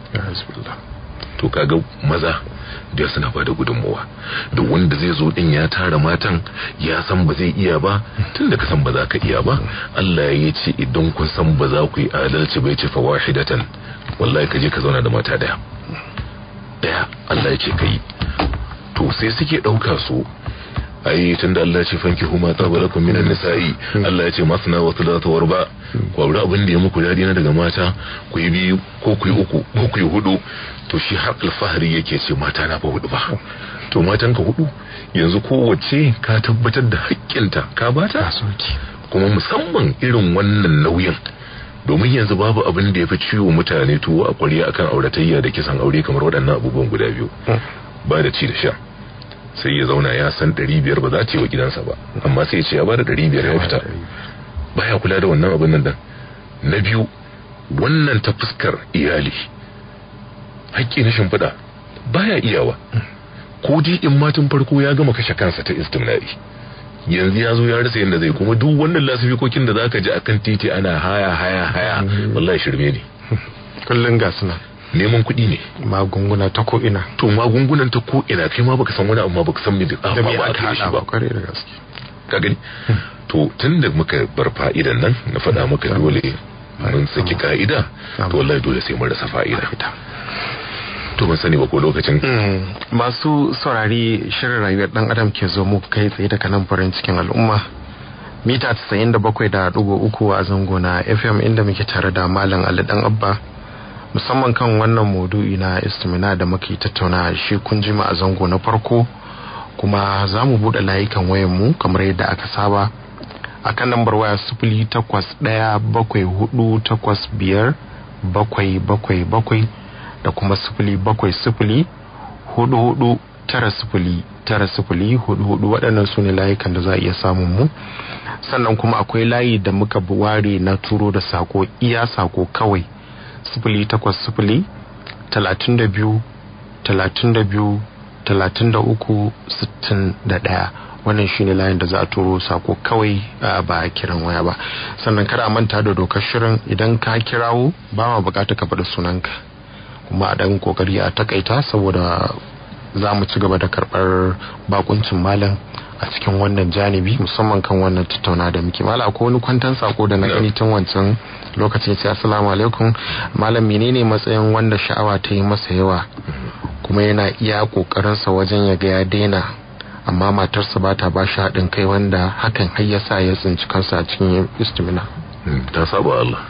to kaga maza da suna da gudunmuwa duk wanda zai zo din ya tara matan ya san ba zai iya ba Tunda da ka san ba za ka iya ba Allah ya ce idan kun san ba za ku yi adalci bai ce fa wahidatan wallahi ka je ka zauna da mata daya daya Allah ya ce kai to sai suke dauka su ai tunda Allah ya ce fanki huma tabarakum minan nisa'i Allah ya ce masna wa thulatha wa ruba ku abin da ya muku dadi na daga mata ku yi biyu ko ku yi uku ko ku yi hudu to shi har alfahari yake ce mata na ba hudu ba to matan ka hudu yanzu kowace ka tabbatar da haƙƙinta ka bata kuma musamman irin wannan nauyin domin yanzu babu abin da ya fi ciwo mutane tuwo a kwariya akan auratayya da kisan aure kamar waɗannan abubuwan guda biyu hmm. ba da ci da sha sai ya zauna ya san ɗari biyar ba za ta yi wa gidansa ba amma sai ya ce ya ba da ɗari biyar ya fita baya kula da wannan abin nan na biyu wannan ta fuskar iyali haƙƙi na shimfiɗa baya iyawa ko dai in matan farko ya gama kashe kansa ta istimna'i yanzu ya zo ya rasa yadda zai kuma duk wannan lasifikokin da zaka ji akan titi ana haya haya haya mm. wallahi shirme ne kullun ga suna neman kuɗi ne magunguna ta ko ina to magungunan ta ko ina kai ma baka san wani amma baka san me da ah, ba ta shi ba kare da gaske ka gani hmm. to tunda muka bar fa'idan nan na faɗa muka hmm. dole hmm. mun saki ka'ida to wallahi dole sai mun rasa fa'ida to ban sani ba ko lokacin mm. masu saurari shirin rayuwar dan adam ke zo mu kai tsaye daga nan farin cikin al'umma mita uku a zango na fm inda muke tare da malam ali dan abba musamman kan wannan maudu'i na istimina da muke tattauna shi kun jima a zango na farko kuma za mu buɗe layukan wayan mu kamar yadda aka saba akan lambar waya sufuli takwas ɗaya bakwai hudu takwas biyar bakwai bakwai bakwai da kuma sifili bakwai sifili hudu hudu tara sifili tara sifili hudu hudu waɗannan su ne layukan da za a iya samun mu sannan kuma akwai layi da muka ware na turo da sako iya sako kawai sifili takwas sifili talatin da biyu talatin da biyu talatin da uku sittin da ɗaya wannan shi ne layin da za a turo sako kawai ba a kiran waya ba sannan kada a manta da dokar shirin idan ka kirawo ba ma bukata ka faɗi sunanka kuma a dan kokari a takaita saboda za mu ci gaba da karɓar bakuncin malam a cikin wannan janibi musamman kan wannan tattauna da muke malam akwai wani kwantan sako da na gani tun wancan lokacin ce assalamu alaikum malam menene matsayin wanda sha'awa ta yi masa yawa kuma yana iya kokarinsa wajen ya ga ya daina amma matarsa ba ta ba haɗin kai wanda hakan har ya ya tsinci kansa a cikin istimina hmm, ta saba Allah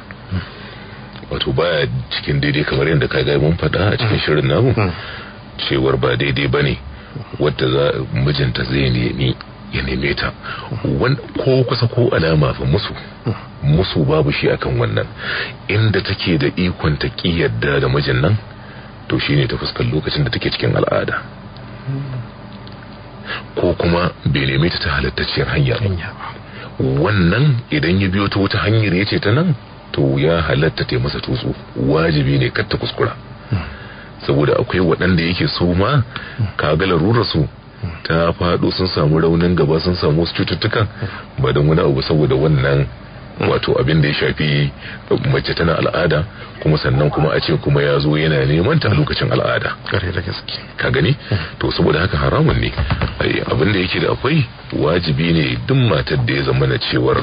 wato baya cikin daidai kamar yadda ka ga mun faɗa a cikin mm. shirin namu mm. cewar ba daidai ba ne wadda za mijinta zai nemi ya neme ta ko kusa ko alama fa musu mm. musu babu shi akan wannan inda take da ikon ta ki da mijin nan to ne ta fuskar lokacin da take cikin al'ada ko kuma bai neme ta ta halattacciyar hanya wannan idan ya biyo ta wata hanyar ya ce ta nan to ya halatta ta masa tutsu wajibi ne kar ta kuskura saboda akwai waɗanda yake so ma kaga larurar su ta faɗo sun samu raunin gaba sun samu wasu cututtukan ba don wani abu saboda wannan wato abin da ya shafi mace tana al'ada kuma sannan kuma a ce kuma ya zo yana neman ta lokacin al'ada ka gani to saboda haka haramun ne abin da yake da akwai wajibi ne duk matar da ya zama na cewar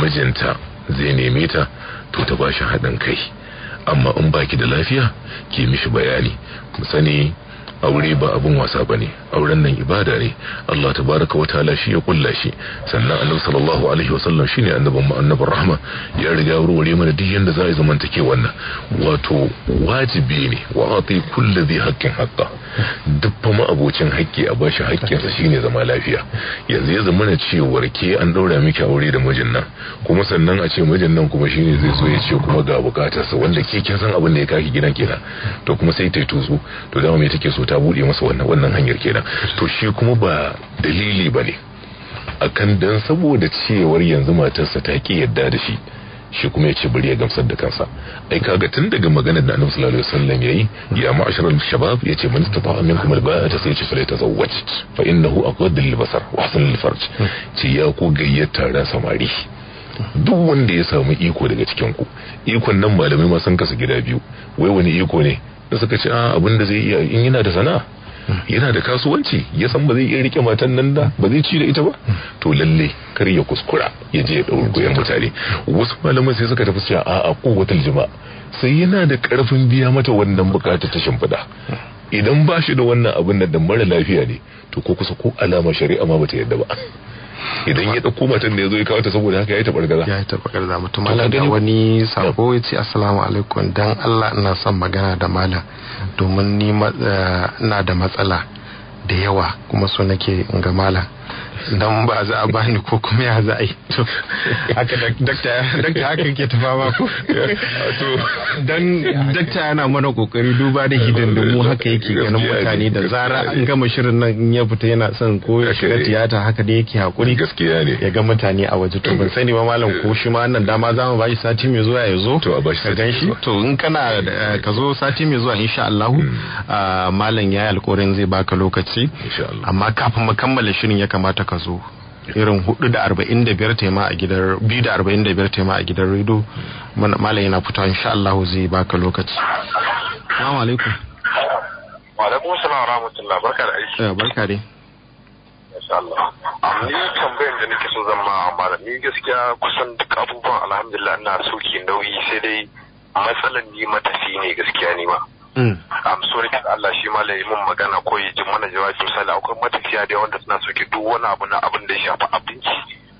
mijinta zai neme ta to ta bashi haɗin kai amma in baki da lafiya ki mishi bayani mu sani aure ba abun wasa ba ne auren nan ibada ne Allah tabaraka wa ta'ala shi ya kulla shi sannan annabi sallallahu alaihi wasallam shine annabin mu annabin rahma ya riga warware mana duk yanda za a zamantake wannan wato wajibi ne wa ati kulli dhi haqqin haqqa duk fa abocin hakki a bashi haƙƙinsa shine zama lafiya yanzu ya zama na cewar ke an ɗaura miki aure da mijin nan kuma sannan a ce mijin nan kuma shine zai zo ya ce kuma ga bukatarsa wanda ke kin san abin da ya kaki gidan kenan to kuma sai ta yi tutsu to dama me take so ta buɗe masa wannan wannan hanyar kenan to shi kuma ba dalili ba bane akan dan saboda cewar yanzu matarsa ta ki yadda da shi shi kuma ya ce bari ya gamsar da kansa ai kaga tun daga maganar da annabi sallallahu alaihi wasallam yayi ya ma'asharal shabab yace man istata'a minkum ta sai ce fala tazawwaj fa innahu aqwad lil basar wa hasan lil farj ce hmm. ya ku gayyata ran samari duk wanda ya samu iko daga cikin ku ikon nan malamai ma sun kasa gida biyu wai wani iko ne da suka ce a ah, abin da zai iya in yana da sana'a yana da kasuwanci ya san ba zai iya rike matan nan da ba zai ci da ita ba to lalle kar ya kuskura ya je ya dauko mutane wasu malamai sai suka tafi cewa a'a kowatul juma sai yana da karfin biya mata wannan bukatar ta shimfiɗa idan ba shi da wannan abin da mara lafiya ne to ko kusa ko alama shari'a ma bata yadda ba idan ya dauko matan da ya zo ya kawo ta saboda haka ya yi tabargaza ya yi tabargaza mutum Allah da wani sako ya ce assalamu alaikum dan Allah ina son magana da malam domin ni eh, ina da matsala da yawa kuma so nake in ga malam don ba za a bani ko kuma ya za a yi to haka dakta haka ke tafa ba ko to dan dakta yana mana kokari duba da mu haka yake ganin mutane da zara an gama shirin nan in ya fita yana son ko ya shiga tiyata haka da yake hakuri gaskiya ne ya ga mutane a waje to ban sani ba malam ko shi ma wannan dama za mu bashi sati mai zuwa ya zo to a bashi sati shi to in kana eh, ka zo sati mai zuwa insha Allah hmm. ah, malam yayi alƙawarin zai baka lokaci amma kafin mu kammala shirin ya kamata ka zo irin hudu da arba'in da biyar tema a gidan biyu da arba'in da biyar tema a gidan rido malam yana fita insha Allah zai baka lokaci salamu alaikum wa alaikum salam wa rahmatullah barka da aiki eh barka dai insha Allah ni tambayar da nake so zan ma gaskiya kusan duk abubuwan alhamdulillah ina sauki nauyi sai dai matsalan ni matafi ne gaskiya ni ma Mm. am sorry kan Allah shi ma yi mun magana ko ya ji mana jawabi misali akwai matafiya da wanda suna soke duk wani abu na abin da ya shafi abinci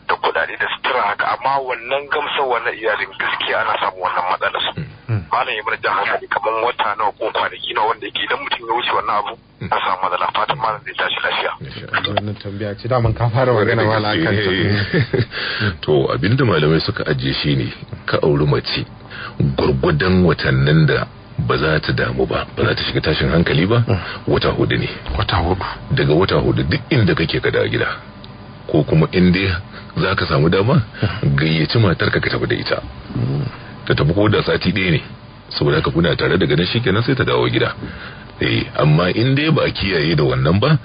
da kudade da sutura haka amma wannan gamsar wannan iyalin gaskiya ana samu wannan matsala su mm. Mm. malam ya mana jan hankali kamar wata nawa ko kwanaki na wanda yake idan mutum ya wuce wannan abu a samu matsala fatan malam zai tashi lafiya wannan tambaya ce da ka fara magana wala kan to abinda malamai suka ajiye shine ka auri mace gurgudan watannin da ba za ta damu ba ba za ta shiga tashin hankali ba mm. wata hudu ne wata hudu daga wata hudu duk inda kake ka dawo gida ko kuma in dai za ka samu dama mm. gayyaci matar ka tafi da ita mm. ta tafi ko da sati ɗaya ne saboda ka kuna tare daga nan shikenan sai ta dawo gida eh amma in dai ba kiyaye da wannan ba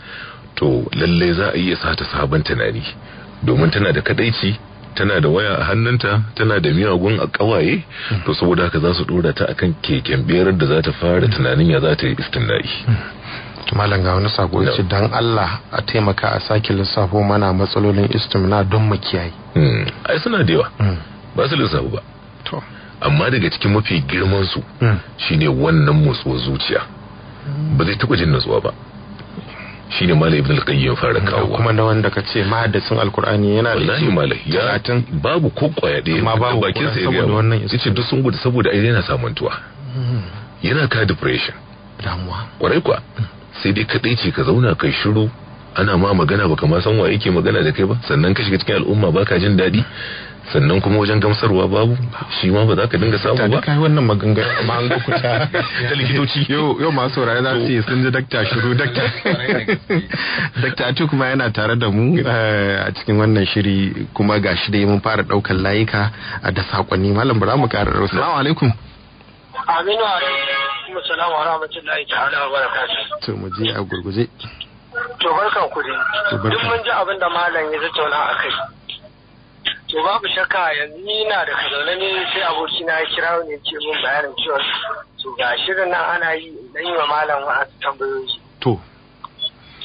to lallai za a iya sa ta sabon tunani domin tana da kadaici tana da waya a hannunta tana da miyagun a kawaye to saboda haka za su dora ta akan keken biyar da za ta fara tunanin ya za ta yi istinai malam ga wani sako yace dan Allah a taimaka a sake lissafo mana matsalolin istimna don mu kiyaye hmm. ai suna da yawa hmm. ba su lissafo ba to amma daga cikin mafi girman su hmm. shine wannan motsuwar zuciya ba zai taba jin nutsuwa ba shine malam ibn al-qayyim fara kawo kuma da wanda ka ce mahaddasin alkur'ani yana da wallahi malai ya babu ko kwaya ɗaya babu bakin sa ya wannan yace duk sun gudu saboda ai yana samuntuwa hmm. yana ka depression damuwa kwarai kwa sai dai kadai ce ka zauna kai shiru ana ma magana baka ma san wa yake magana da kai ba sannan ka shiga cikin al'umma baka jin daɗi sannan kuma wajen gamsarwa babu shi ma ba za ka dinga samu ba kai wannan maganganu ma an ku ta da likitoci yau yau masu saurare za su yi sun ji dakta shiru dakta dakta atu kuma yana tare da mu eh, a cikin wannan shiri kuma gashi da mun fara daukan layuka da sakonni malam bara mu karar assalamu alaikum aminu alaikum assalamu wa rahmatullahi ta'ala wa barakatuh to mu je a gurguje to barkan ku dai duk mun ji abin da malam ya tattauna a kai to babu shakka yanzu ni na da kazaune ne sai abokina ya kira ne ce mun bayanin cewa to ga shirin nan ana yi dan yi wa malam wa'azi tambayoyi to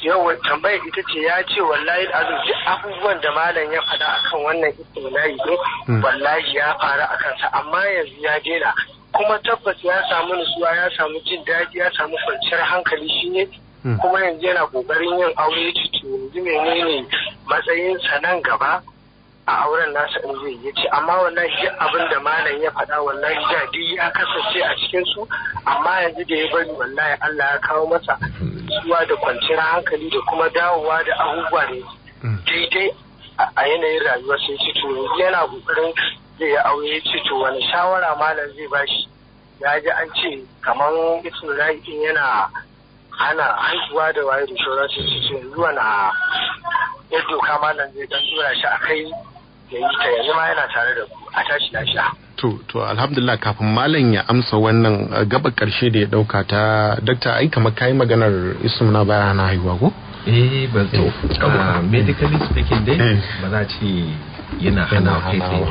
yau tambayar ita ce ya ce wallahi azum duk abubuwan da malam ya faɗa akan wannan istilahi ne hmm. wallahi ya faru a kansa amma yanzu ya daina kuma tabbas ya samu nutsuwa ya samu jin daɗi ya samu kwanciyar hankali shi ne hmm. kuma yanzu yana kokarin yin aure yanzu menene matsayin sa nan gaba a auren nasa in zai yi ce amma wannan shi abin da malam ya faɗa wannan da ya kasance a cikin su amma yanzu da ya bari wallahi Allah ya kawo masa suwa da kwanciyar hankali da kuma dawowa da abubuwa da daidai a yanayin rayuwar sai ce to yana kokarin zai yi aure ya ce to wani shawara malam zai bashi ya ji an ce kamar ismin rahikin yana ana haihuwa da waye da shauransu su ce yanzu wani ya doka malam zai dan tura shi a kai ya yi ma yana tare da ku a To, to alhamdulillah kafin malam ya amsa wannan uh, gaba karshe da ya dauka ta dakta ai kamar kayi maganar na baya na haihuwa ko? Eh ba zo. Uh, Medically speaking dai eh. ba za a ce yana hana kai tsaye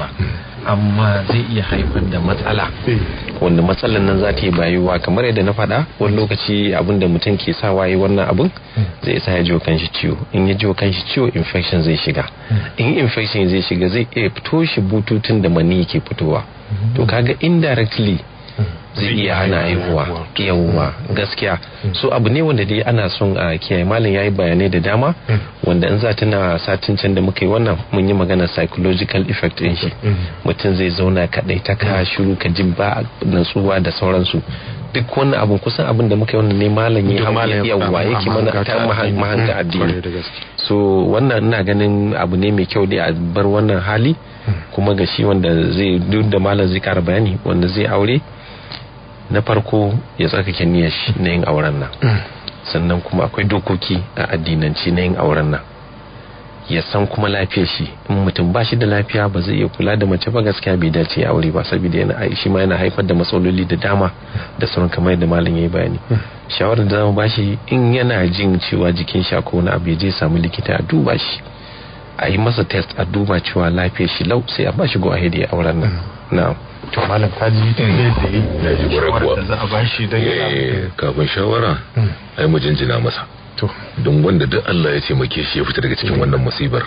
amma zai iya haifar da matsala wanda matsalan nan za ta yi bayuwa kamar yadda na faɗa wani lokaci abin da mutum ke sa waye wannan abin zai sa ya jiwo kanshi ciwo in ya jiwo kanshi ciwo infection zai shiga in infection zai shiga zai iya fito shi bututun da mani ke fitowa to kaga indirectly zai iya hana haihuwa yawwa gaskiya so abu ne wanda dai ana son a kiyaye malam yayi bayanai da dama mm. wanda in za tana satin can da muka yi wannan mun yi magana psychological effect in shi mm. mutum zai zauna kaɗai ta ka mm. shiru ka ji ba natsuwa da sauransu duk wani abun kusan abin da muka yi wannan ne malam ya yawwa yake mana ta mahanga addini so wannan ina ganin abu ne mai kyau dai a bar wannan hali kuma ga shi wanda zai duk da malam zai kara bayani wanda zai aure na farko ya tsarkake niyyar shi na yin auren nan mm. sannan kuma akwai dokoki a addinanci na yin auren nan ya san kuma lafiyar shi in mutum ba shi da lafiya ba zai iya kula da mace ba gaskiya bai dace aure ba saboda yana shi ma yana haifar da matsaloli da dama da sauran kamar yadda malam yayi bayani mm. shawarar da zama ba shi in yana jin cewa jikin shi ko wani abu ya je samu likita a duba shi a yi masa test a duba cewa lafiyar shi lau sai a bashi go ahead ya auren nan mm. na'am to malam kaji da eh. yi shawara da za a bashi don yana eh, kafin shawara hmm. ai mu jinjina masa don wanda duk Allah ya ce make shi ya fita daga cikin eh. wannan musibar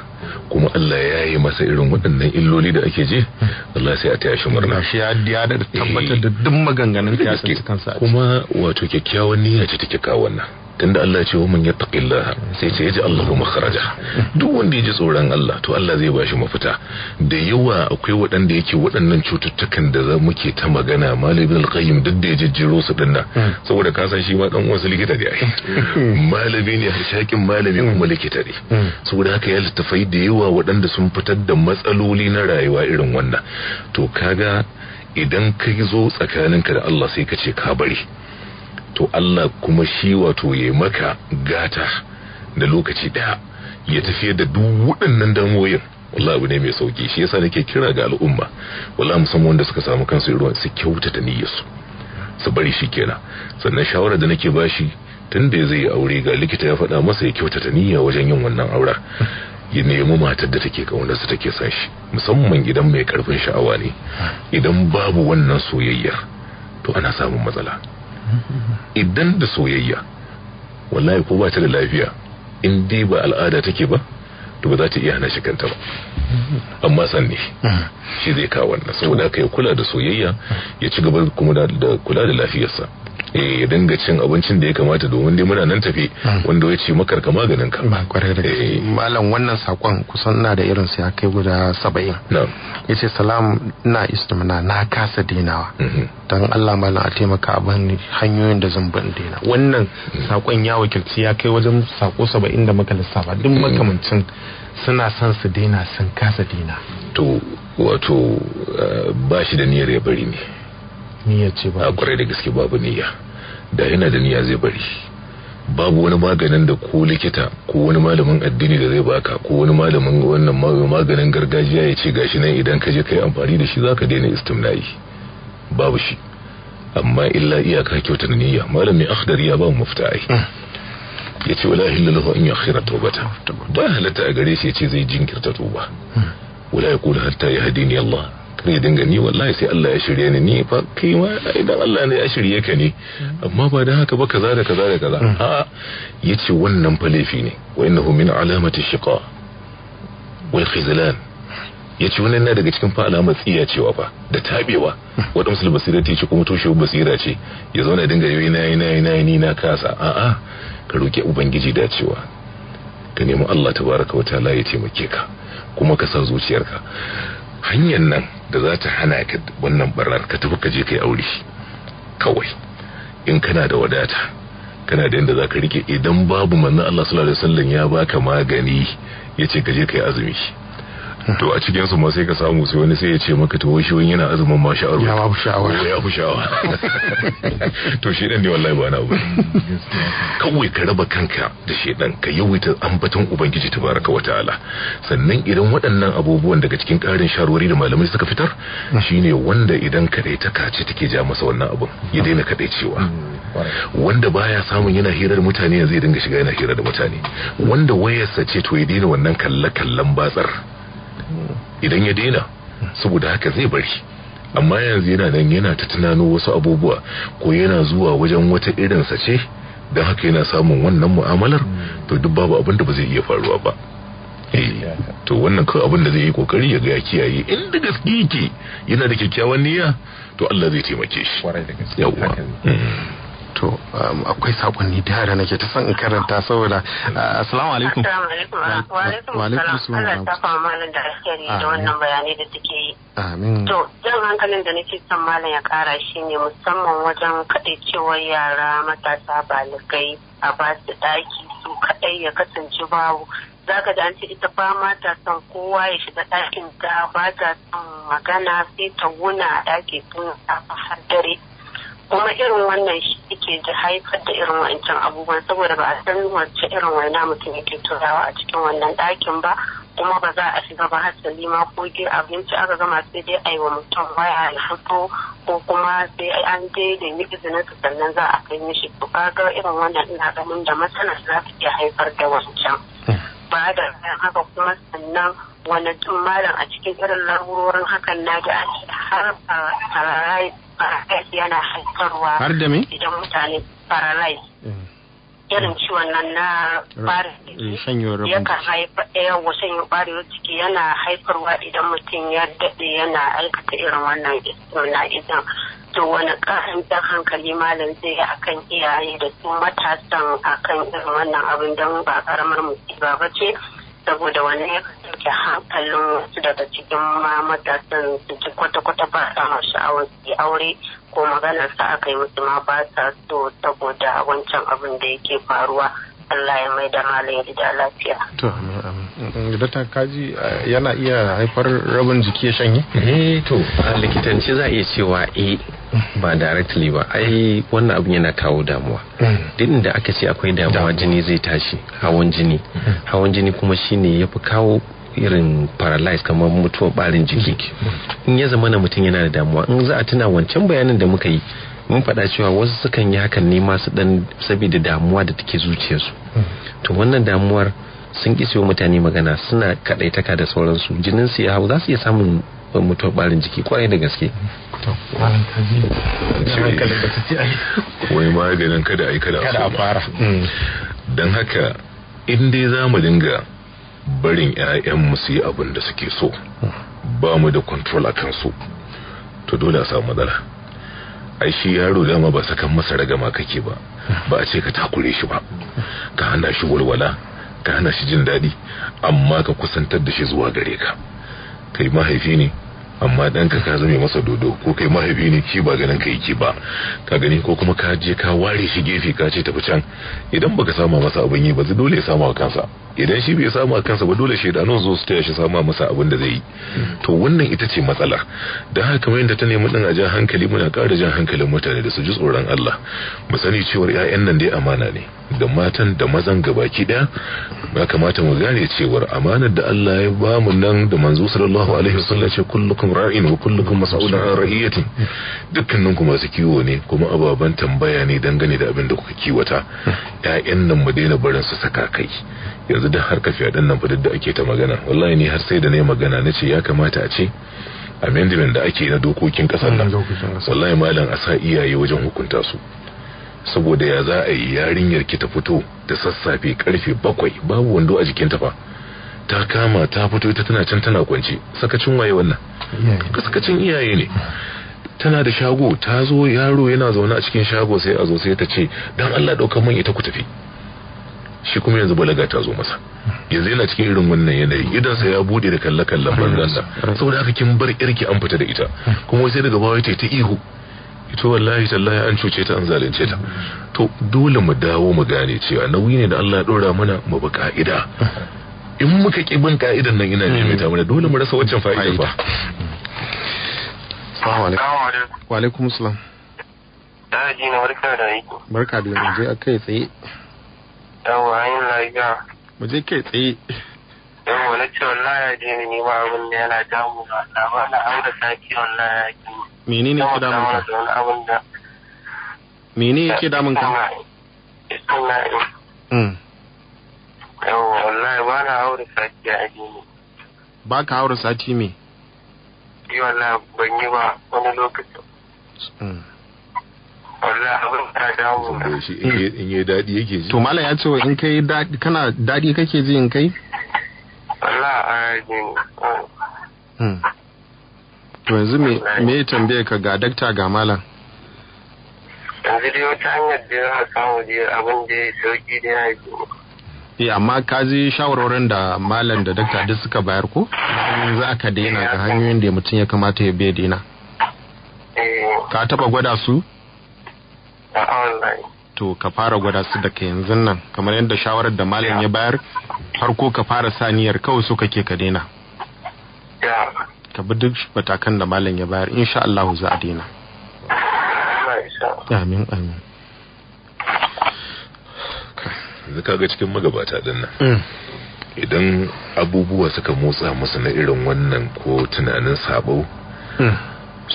kuma Allah ya yi masa irin waɗannan illoli da ake je hmm. Allah sai a taya shi murna shi ya diya da tabbatar da duk maganganun ta kansa kuma wato kyakkyawan niyya ce take kawo wannan tunda Allah ya ce wa man yattaqillaha sai ce yaji Allahu makhraja duk wanda yaji tsoron Allah to Allah zai bashi mafita da yawa akwai waɗanda yake waɗannan cututtukan da za muke ta magana malamin ibn al-Qayyim duk da ya jijjiro su dinna hmm. saboda ka san shi ma dan wasu likita ne hmm. malami ne shakin malami hmm. kuma likita ne saboda haka ya littafai da yawa waɗanda sun fitar da matsaloli na rayuwa irin wannan to kaga idan ka zo tsakaninka da Allah sai ka ce ka bari to Allah kuma shi wato ya maka gata da lokaci daya ya tafiye da duk waɗannan damoyin wallahi abu ne mai sauki shi yasa nake kira ga al'umma wallahi musamman wanda suka samu kansu ruwan su kyautata niyyarsu su bari shi kenan sannan shawara da nake bashi tun da zai yi aure ga likita ya faɗa masa ya kyautata niyya wajen yin wannan aura ya nemi matar da take kaunarsa take san shi musamman idan mai karfin sha'awa ne idan babu wannan soyayya to ana samun matsala idan da soyayya wallahi ko ba ta da lafiya in dai ba al'ada take ba to ba za ta iya hana shi kanta ba amma sanne hmm. shi zai kawo wannan saboda kai ya kula da soyayya ya ci gaba kuma da kula da lafiyarsa Eh, ya dinga cin abincin da ya kamata domin dai muna nan tafi hmm. wanda ya ce makarka maganin ka ba kwarai da eh. malam wannan sakon kusan na da irin sai kai guda saba'in yace salam na istimna na kasa dinawa mm-hmm. dan Allah malam a taimaka a hanyoyin da zan bin dina wannan mm-hmm. sakon ya wakilci ya kai wajen sako saba'in da muka lissafa duk mm-hmm. makamancin suna son su dina sun kasa dina to wato eh, ba shi da niyyar ya bari ne niyya ce ba a kwarai da gaske babu niyya da yana da niyya zai bari babu wani maganin da ko likita ko wani malamin addini da zai baka ko wani malamin wannan maganin gargajiya ya ce gashi nan idan ka je kai amfani da shi zaka daina istimna'i babu shi amma illa iyaka kyautar niyya malam akhdar ya ba mu mafita ai hmm. yace wala hillahu an yakhira tawbata ba halatta a gare shi yace zai jinkirta tuba hmm. wala yaqulu hatta yahdini Allah ya dinga ni wallahi sai Allah ya shirye ni ni fa kai ma idan Allah ne ya shirye ka ne amma ba da haka ba kaza da kaza da kaza mm. a yace wannan fa laifi ne wa innahu min alamati shiqa wa khizlan yace wannan na daga cikin fa alamar tsiya cewa fa da tabewa mm. wadda musul basira ta ce kuma toshe basira ce ya zo na dinga yoyi na yi ni na kasa a a ka roki ubangiji da cewa ka nemi Allah tabaraka wa ta'ala ya taimake ka kuma ka sa zuciyarka hanyar nan da za ta hana ka wannan barar ka tafi ka je kai aure kawai in kana da wadata kana da yadda za ka rike idan babu manzon Allah sallallahu alaihi wasallam ya baka magani yace ka je kai azumi to a cikin su ma sai ka samu sai wani sai ya ce maka to shi wani yana azumin ma sha'awar ya ba sha'awa ya ba sha'awa to dan ne wallahi ba na ba kawai ka raba kanka da dan ka yawaita ambaton ubangiji tabaraka wa ta'ala sannan idan waɗannan abubuwan daga cikin karin sharwari da malamai suka fitar mm. shine wanda idan kadai ta kace take ja masa wannan abun ya daina kadai cewa mm, wanda baya samun yana hirar mutane yanzu ya dinga shiga yana hira da mutane wanda wayarsa sace to ya daina wannan kalle-kallen batsar idan ya daina saboda haka zai bari amma yanzu yana nan yana ta tunano wasu abubuwa ko yana zuwa wajen wata irinsa ce don haka yana samun wannan mu'amalar to duk babu abin da ba zai iya faruwa ba eh, to wannan kawai abin da zai yi kokari ya ga ya kiyaye inda gaske yake yana da kyakkyawan niyya to Allah zai taimake shi yawa to um, akwai sakonni da yara nake ta son in karanta saboda uh, assalamu alaikum wa alaikum assalam Allah ta fama malam da alheri da wannan bayanai da take yi amin to jan hankalin da nake son malam ya kara shine musamman wajen kadaicewar yara matasa baligai a ba su daki su kadai ya kasance babu zaka da an ce ita ba ma ta son kowa ya shiga dakin ta ba ta son magana sai ta wuna a daki tun a har dare kuma irin wannan shi ke haifar da irin wancan abubuwan saboda ba a san wacce irin waina mutum yake turawa a cikin wannan ɗakin ba kuma ba za a shiga ba har ma ko dai abinci aka gama sai dai a yi wa mutum waya ya fito ko kuma sai an je da yi izinin su sannan za a kai mishi to kaga irin wannan ina ganin da masana za su iya haifar da wancan hmm. ba da haka kuma sannan wannan tun malam a cikin irin lahurorin hakan na ji an har paralyze yana haifarwa har da me idan mutane paralyze eh. irin ciwon nan na bari eh, yakan haifar eh, yawan sanyo barewar ciki yana haifarwa idan mutum ya daɗe yana aikata irin wannan na idan to wani ƙarin jan hankali malam zai yi akan iyaye da su matasan akan irin wannan abin don ba ƙaramar musiba ba ce saboda wani ya ɗauke hankalin wasu daga cikin ma matasan su kwata-kwata ba sa sha'awar su aure ko maganar sa aka yi wasu ma ba sa so saboda wancan abin da yake faruwa Allah ya mai da malin gida lafiya. To, mm, mm, Dr. Kaji yana iya haifar rabin jiki ya shanye? Eh, to, likitanci za a iya cewa eh ba directly ba ai wannan abin yana kawo damuwa mm. duk da aka ce akwai damuwa jini zai tashi hawan jini mm. hawan jini kuma shine ya fi kawo irin paralyze kamar mutuwar barin jiki mm. in ya zama na mutum yana da damuwa in za a tuna wancan bayanin da muka yi mun faɗa cewa wasu sukan yi hakan ne masu dan saboda damuwa da take zuciyarsu to wannan damuwar sun ƙi mutane magana suna kaɗaitaka da sauransu jinin su ya hau za su iya samun mutuwar barin jiki kwarai da gaske wai maganin kada a yi kada a fara mm. don haka in dai za mu dinga barin yayan su yi abin da suke so ba mu da kontrol a kansu to dole a samu matsala ai shi yaro dama ba sakan masa ragama kake ba ba a ce ka takure shi ba ka hana shi walwala ka hana shi jin daɗi amma ka kusantar da shi zuwa gare ka kai mahaifi ne amma ɗanka ka zame masa dodo ko kai mahaifi ne ki ba ganin kai ki ba ka gani ko kuma ka je ka ware shi gefe ka ce tafi can idan baka sama masa abin yi ba zai dole ya sama wa kansa idan shi bai samu a kansa ba dole shaidanun zo su taya shi samu masa abin da zai yi to wannan ita ce matsala da haka kamar yadda ta nemi din a jan hankali muna ƙara jan hankalin mutane da su ji tsoron Allah mu sani cewar ƴaƴan nan dai amana ne da matan da mazan gabaki daya ya kamata mu gane cewa amanar da Allah ya ba mu nan da manzo sallallahu alaihi wasallam ce kullukum ra'in wa kullukum mas'ulun an ra'iyati dukkanin ku masu kiwo ne kuma ababan tambaya ne dangane da abin da kuka kiwata hmm. ƴaƴan nan mu daina barin su saka kai yanzu har harka fyaɗen nan fadar da ake ta magana wallahi ni har sai da na yi magana na ce ya kamata a ce amendment da ake na dokokin kasar nan wallahi malam a sa iyaye wajen hukunta su saboda ya za a yi yarinyar ki ta fito da sassafe karfe bakwai babu wando a jikinta fa ta kama ta fito ita tana can tana kwance sakacin waye wannan sakacin iyaye ne tana da shago ta zo yaro yana zaune a cikin shago sai a zo sai ta ce dan Allah daukar man ita ku tafi shi kuma yanzu balaga ta zo masa yanzu yana cikin irin wannan yanayi idansa ya bude da kalle kalle banzan nan saboda haka kin bar irki an fita da ita kuma sai daga baya ta ta ihu ita wallahi tallahi an cuce ta an zalunce ta to dole mu dawo mu gane cewa nauyi ne da Allah ya dora mana mu bi ka'ida in muka ki bin ka'idan nan ina ta mana dole mu rasa waccan fa'ida ba Assalamu alaikum. Wa alaikum Da ji na barka da aiki. Barka da Je akai tsaye. yawa yin lafiya mu je ke tsaye yawa na ce wallahi ya je ni ma abin da yana damu na na ba na aure ta ya ke ki menene ke damun ka menene yake damun ka Ina hmm. yawa wallahi ba na aure sati a jini ba ka aure sati me yi wallahi ban yi ba wani lokacin hmm. saboda shi in yi daɗi yake ji to mala ya ce in kai daɗi kana daɗi kake ji in kai a hmm. to yanzu me ya tambaye ka ga dakta ga malam yanzu dai wata hanyar da ya kawo da abin da ya sauki da ya yi eh, amma ka ji shawarwarin da malam da dakta duk suka bayar ko za aka daina ga hanyoyin da mutum ya kamata ya bai daina eh. ka taba gwada su to ka fara gwada su daga yanzu nan kamar yadda shawarar da malam ya bayar farko ka fara saniyar kawai su kake ka daina ka bi duk matakan da malam ya bayar insha Allah za a daina amin amin yanzu kaga cikin magabata din nan mm. idan abubuwa suka motsa musu na irin wannan ko tunanin sabo mm.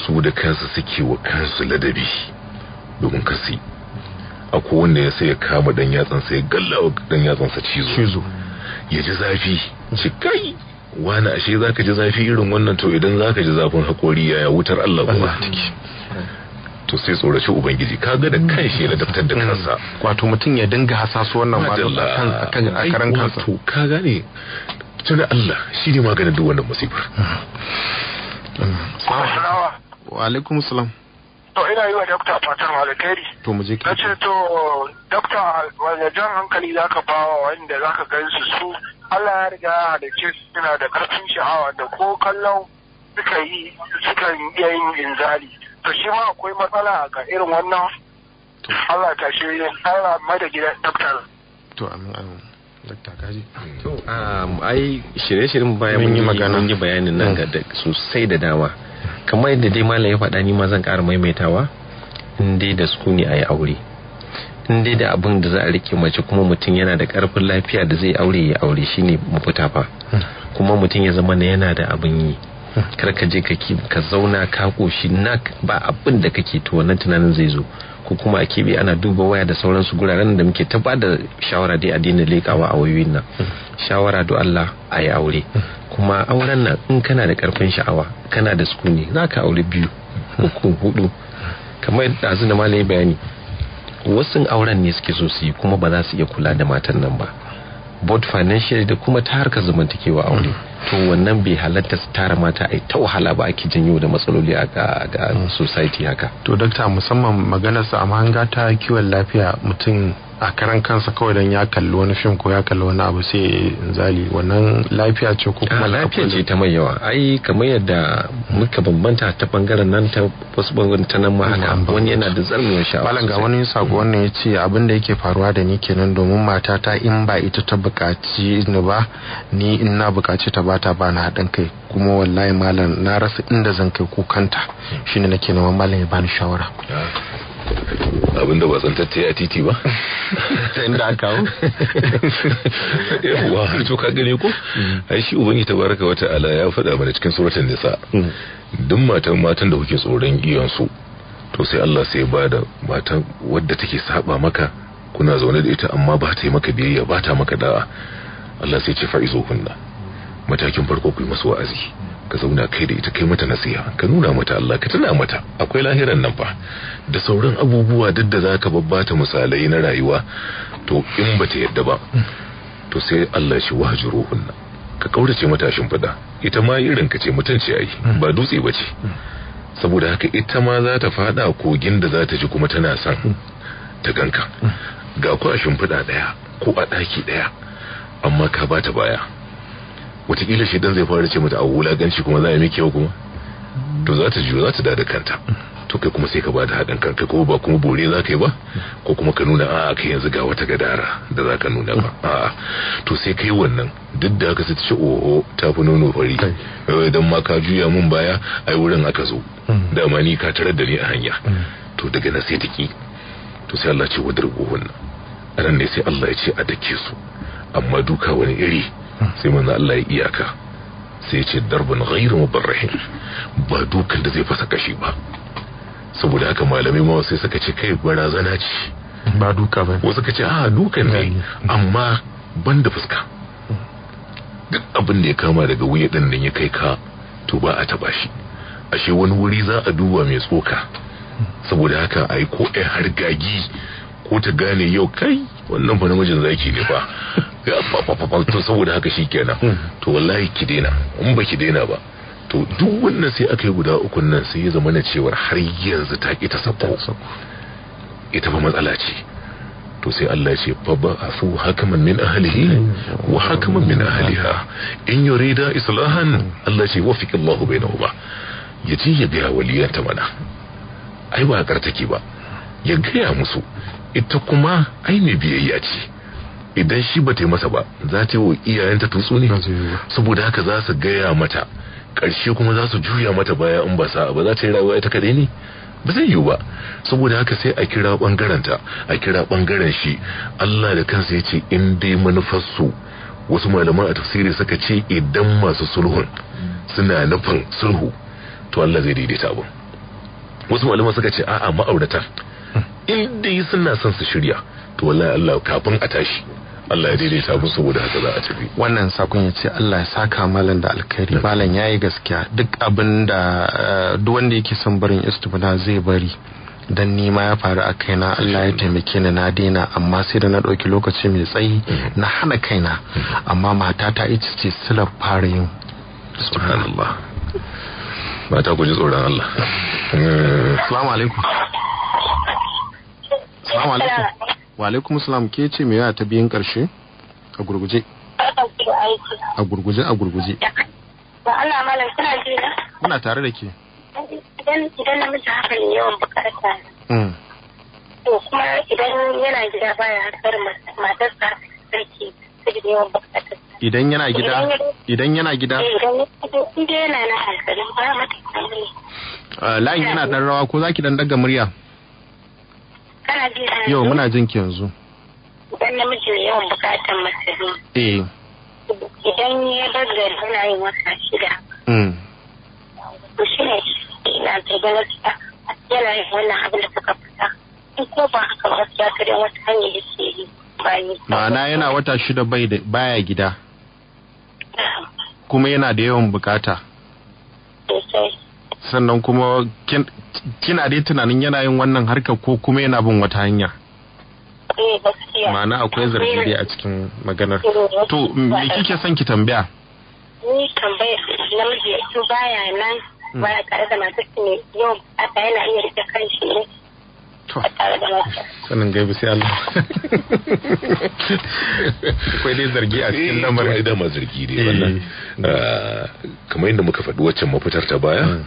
su da kansu suke wa kansu ladabi domin kasi akwai wanda ya sai ya kama dan yatsansa ya galla dan sa cizo ya ji zafi ci kai wani ashe za ka ji zafi irin wannan to idan za ka ji zafin hakori yaya wutar Allah kuma take to sai tsoraci ubangiji ka da kan shi na daftar da kansa mm. wato mutum ya dinga hasaso wannan ba a karan kansa to ka gane tuna Allah shi ne maganin duk wannan musibar mm. Mm. wa alaikum salam to ina yi wa dakta fatan alkhairi to mu je ki ce to dakta wanda jan hankali zaka bawa wanda zaka gansu su Allah ya riga da ke suna da karfin sha'awa da ko kallon suka yi suka iya yin inzali to shi ma akwai matsala ga irin wannan Allah ta shi Allah mai da gidan dakta to amin amin kaji to um, ai shirye-shiryen bayan mun yi magana mun yi bayanin nan ga mm. sosai da dama kamar yadda dai malam ya faɗa ni ma zan ƙara maimaitawa in dai da su ne a yi aure in dai da abin da za a rike mace kuma mutum yana da ƙarfin lafiya da zai aure ya aure shi ne mafita fa kuma mutum ya zama na yana da abin yi kar ka je ka ka zauna ka koshi na ba abin da kake to wannan tunanin zai zo ko kuma a kebe ana duba waya da sauransu guraren da muke ta ba da shawara dai a daina lekawa a wayoyin nan shawara do Allah a yi aure kuma auren nan in kana da karfin sha'awa kana da sukuni za ka aure biyu uku hudu kamar ɗazu da malayi bayani wasu auren ne suke so su yi kuma ba za su iya kula da matan nan ba both financially da kuma ta harkar zamantakewa aure to wannan bai halatta su tara mata a ta wahala ba ake janyo da matsaloli a ga society haka to dakta musamman maganarsa a mahanga ta kiwon lafiya mutum a karan kansa kawai don ya kalli wani fim ko ya kalli wani abu sai zali wannan lafiya ce ko kuma ah, lafiya ce ta mai yawa ai kamar yadda muka bambanta ta bangaren nan ta wasu bangaren ta nan ma wani yana da zarmiyar sha'awa malam ga wani sako mm. wannan ya ce abin da yake faruwa da ni kenan domin mata ta in ba ita ta buƙaci ni ba ni in na buƙaci ta ba ta ba haɗin kai kuma wallahi malam na rasa inda zan kai kukanta mm. shine nake neman malam ya bani shawara ah. abinda ba tsantacce a titi ba inda aka kawo yawa to ka gane ko mm. ai shi ubangi tabaraka wata ala ya faɗa mana cikin suratan nisa mm. duk matan matan da kuke tsoron giyan su to sai Allah sai ba da mata wadda take saba maka kuna zaune da ita amma ba ta yi maka biyayya ba ta maka da'a Allah sai ce fa'izo kunna matakin farko ku yi masu wa'azi ka zauna kai da ita kai mata nasiha ka nuna mata Allah ka tuna mata akwai lahiran nan fa da sauran abubuwa duk da zaka babbata misalai na rayuwa to in bata yadda ba to sai Allah shi wahjuruhun ka kaurace mata shimfiɗa ita ma irin ka ce mutunci ai hmm. ba dutse bace hmm. saboda haka ita ma za ta fada kogin da za ta ji kuma tana son hmm. ta ganka ga ku a shimfiɗa ɗaya ko a ɗaki ɗaya amma ka bata baya watakila shi dan zai fara ce mata a wulaganci kuma za a yi miki yau kuma to za ta juyo za ta dada kanta to kai kuma sai ka bada haɗin kanka ko ba kuma bore za ka yi ba ko kuma ka nuna a kai yanzu ga wata gadara da za ka nuna ba A'a to sai kai wannan duk da haka sai ta ce oho ta fi nono fari eh, don ma ka juya mun baya ai wurin aka zo hmm. dama ni ka tarar da ni a hanya hmm. to daga nan sai ta ki to sai Allah ce wadar gohun nan ne sai Allah ya ce a dake su amma duka wani iri sai manzo Allah ya iyaka sai ce darbin ghairu mubarrahin ba dukan da zai fasa kashi ba saboda haka malamai ma sai suka ce kai barazana ce ba duka ba wasu suka ce a ah, dukan ne amma ban da fuska duk abin da ya kama daga wuya din nan ya kai ka to ba a taba shi ashe wani wuri za a duba mai tsoka saboda haka ai ko ɗan hargagi ko ta gane yau kai wannan fa namijin zaki ne fa to saboda haka shi shikenan hmm. to wallahi ki daina in ba ki daina ba to duk wannan sai aka yi guda uku nan sai ya zama na cewar har yanzu ta ki ta sako ita ba matsala ce to sai Allah ce babba afu hakaman min ahlihi wa hakaman min ahliha in yurida islahan Allah ce wafiq Allahu bainahuma yaji ya biya waliyanta mana ai ba karta take ba ya gaya musu ita kuma ai mai biyayya ce idan shi ba ta yi masa ba za ta yi wa iyayenta tutsu ne saboda haka za su gaya mata ƙarshe kuma za su juya mata baya in ba sa ba za ta yi rayuwa ita kaɗai ne ba zai yiwu ba saboda haka sai a kira ta a kira ɓangaren shi Allah da kansa ya ce in dai su wasu malaman a tafsiri suka ce idan masu sulhun suna nufin sulhu to Allah zai daidaita ba wasu malaman suka ce a'a ma'auratan in dai suna son su shirya to wallahi Allah kafin a tashi Allah ya daidaita mu saboda haka za a tafi wannan sakon ya ce Allah ya saka malam da alkhairi malam yayi gaskiya duk abin da eh, duk wanda yake son barin istibna zai bari dan nima ya faru a kaina Allah ya taimake ni na daina amma sai da na ɗauki lokaci mai tsayi na hana kaina amma matata ita ce silar fara yin subhanallah mata ku ji tsoron Allah assalamu alaikum Assalamu alaikum. Wa alaikum salam ke ce me ta biyan karshe? A gurguje. A gurguje a gurguje. Ba Allah malam kuna ji na? Muna tare da ke. Idan idan namiji haka ne yawan bukata. Mm. To kuma idan yana gida baya matar matarsa sarki saboda yawan bukata. Idan yana gida eh, idan yana gida idan yana na harkar ba mata kamar. Eh, layin yana dan rawa ko zaki dan daga murya? kana ji yanzu yau muna jin ki yanzu dan namiji yawan bukatar mace eh idan ya bar gari yana yin wata shida mm. to shi ne ina da ta yana yin wannan abin da suka fita in ko ba aka ba gaskiya kare wata wata hanya ke yi ma'ana yana wata shida bai da baya gida kuma yana da yawan bukata sosai sannan kuma kina dai tunanin yana yin wannan harkar ko kuma yana bin wata hanya eh, ma'ana akwai zargi dai a cikin maganar eh, to me kike son ki tambaya ni tambaya namiji su baya nan hmm. baya tare da masu ne yau aka yana iya rike shi ne sanin gaibu sai Allah akwai dai zargi a cikin lamarin eh, idan ma zargi dai wannan ah, kamar yadda muka faɗi waccan mafitar ta baya hmm.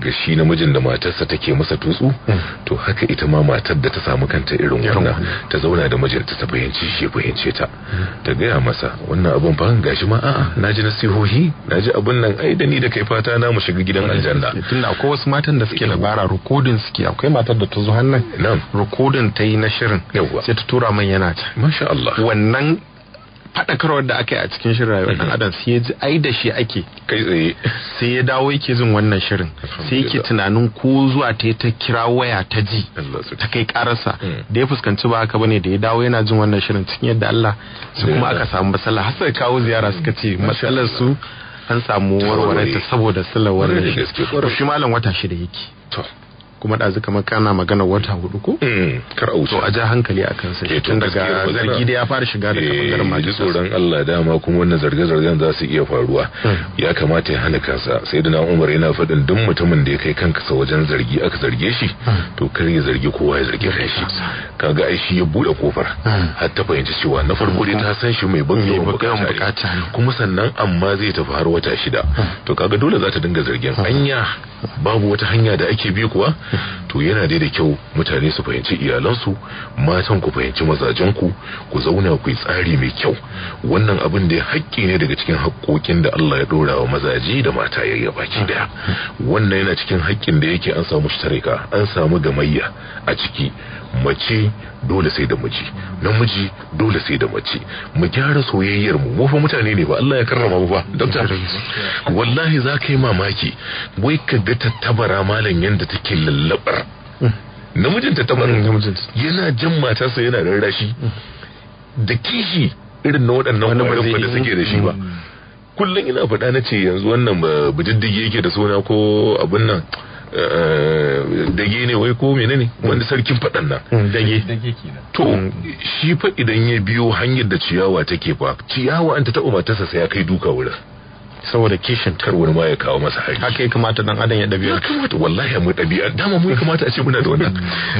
ga shi namijin da matarsa take masa tutsu hmm. to haka ita ma matar da ta samu kanta irin wannan ta zauna da mijinta ta fahimci shi fahimce ta hmm. ta gaya masa wannan abun ga shi ma a'a naji nasihohi naji abun nan ai da ni da kai fata na mu shiga gidan aljanna tunda akwai wasu matan da suke labara recording suke akwai matar da ta zo hannan recording ta yi na shirin sai ta tura man yana ta masha Allah wannan faɗakarwar da aka yi a cikin shirin rayuwar dan mm-hmm. adam sai ya ji ai da shi ake kai tsaye sai ya dawo yake jin wannan shirin sai yake tunanin ko zuwa ta ta kira waya ta ji ta kai karasa mm. da ya fuskanci ba haka bane da ya dawo yana jin wannan shirin cikin yadda Allah su kuma aka samu matsala har sai kawo ziyara suka ce masalar su an samu warware ta saboda sallar wannan shi malam wata shida yake kuma ɗazu kamar na magana wata hudu ko? Hmm, kar a wuce. a ja hankali a kansa eh, tun daga zargi da ya fara shiga daga eh, bangaren majalisar. Ji tsoron Allah dama kuma wannan zarge-zargen za su iya faruwa. Hmm. Ya kamata ya hana kansa sai da na Umar yana faɗin duk mutumin da ya kai sa wajen zargi aka zarge shi hmm. to kar ya zargi kowa ya zargi kanshi. Kaga ai shi ya bude kofar har ta fahimci cewa na farko dai ta san shi mai ban bangawan bukata kuma sannan amma zai tafi har wata shida. To kaga dole za ta dinga zargin anya babu wata hanya da ake bi kuwa to yana dai da kyau mutane su fahimci iyalansu matan ku fahimci mazajen ku ku zauna ku yi tsari mai kyau wannan abin da haƙƙi ne daga cikin haƙƙoƙin da Allah ya ɗora wa mazaje da mata ya yayya baki daya wannan yana cikin haƙƙin da yake an samu shtarika an samu gamayya a ciki mace dole sai da miji namiji dole sai da mace mu gyara soyayyar mu wofa fa mutane ne ba Allah ya karrama mu ba dokta wallahi za ka yi mamaki wai ka ga tattabara malam yanda take lallabar namijin mm, namijin yana jan matarsa yana rarrashi da kishi irin na waɗannan kwararwa da suke da shi ba kullum ina faɗa na ce yanzu wannan ba yake da suna ko abin nan Eh, dage ne wai ko menene wani sarkin faɗan nan hmm, dage to hmm. shi fa idan ya biyo hanyar da ciyawa take fa ciyawa an ta taɓa matarsa sai ya kai duka wurin saboda kishin tar wani ma ya kawo masa hari haka ya kamata dan adam ya dabiya ya kamata wallahi mu dabiya dama mu kamata a ce muna da wannan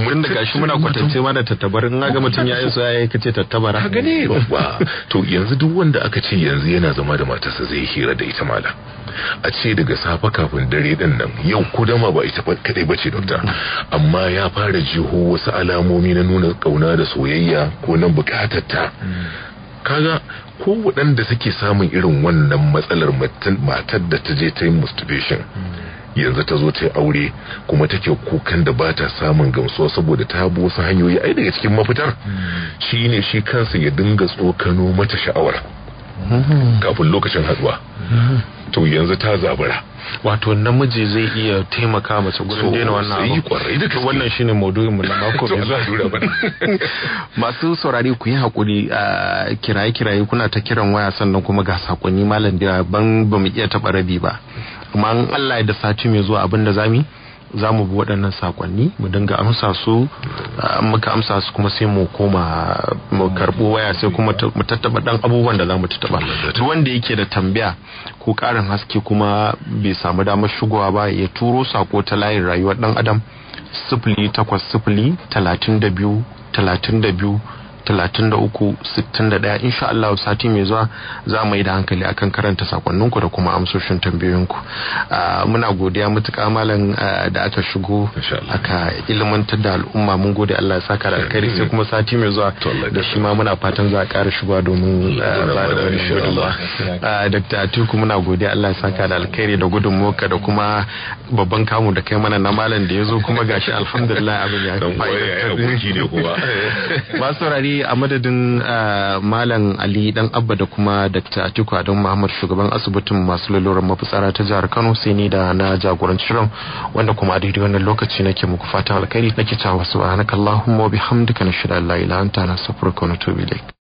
mun da gashi muna kwatance da tattabarin na ga mutum yayi so yayi kace tattabara ka gane babba to yanzu duk wanda aka ce yanzu yana zama da matarsa zai hira da ita mala a ce daga safa kafin dare din nan yau kudama ba ita kadai bace dokta amma ya fara jiho wasu alamomi na nuna kauna da soyayya ko na bukatar ta kaga ko waɗanda suke samun irin wannan matsalar matar da ta je ta yi masturbation hmm. yanzu ta zo ta yi aure kuma take kukan da ba ta samun gamsuwa saboda ta bi wasu hanyoyi ai daga cikin mafitar hmm. shi ne shi kansa ya dinga tsokano mata sha'awar kafin lokacin haduwa to yanzu ta zabura wato namiji zai iya taimaka mace gurin daina wannan abu to wannan shine maudu'in mu na mako mai zuwa masu saurari ku yi hakuri a kiraye kiraye kuna ta kiran waya sannan kuma ga sakonni malam da ban bamu iya taba rabi ba amma Allah ya da sati mai zuwa abinda da zamu za mu bi waɗannan sakonni mu dinga amsa su ah, muka amsa su kuma sai mu koma mu karɓo waya sai kuma mu tattaba ɗan abubuwan da za mu tattaba duk wanda yake da tambaya ko ƙarin haske kuma bai samu damar shigowa ba ya turo sako ta layin rayuwar ɗan adam sifili takwas sifili talatin da biyu talatin da biyu talatin da uku sittin da ɗaya insha Allah sati mai zuwa za mu yi da hankali akan karanta sakonninku da kuma amsoshin tambayoyinku ah, muna godiya matuƙa malam ah, da aka shigo aka ilmantar da al'umma mun gode Allah ya saka da alkhairi sai kuma sati mai zuwa da shi ma muna fatan za a ƙara shigowa domin ah, ba da wani gudunmawa Dr. Atiku muna godiya Allah ya saka da alkhairi da gudunmuwarka da kuma babban kamu da kai mana na malam da ya zo kuma gashi alhamdulillah abin ya kai. Masu saurari a madadin eh, malam ali dan abba da kuma dr atiku adam muhammad shugaban asibitin masu lalurar mafitsara ta jihar kano sai ni da na jagoranci shirin wanda kuma a daidai wannan lokaci nake muku fatan alkhairi nake cewa allahumma wa bihamdika nashhadu an la ilaha illa anta nastaghfiruka wa natubu ilaik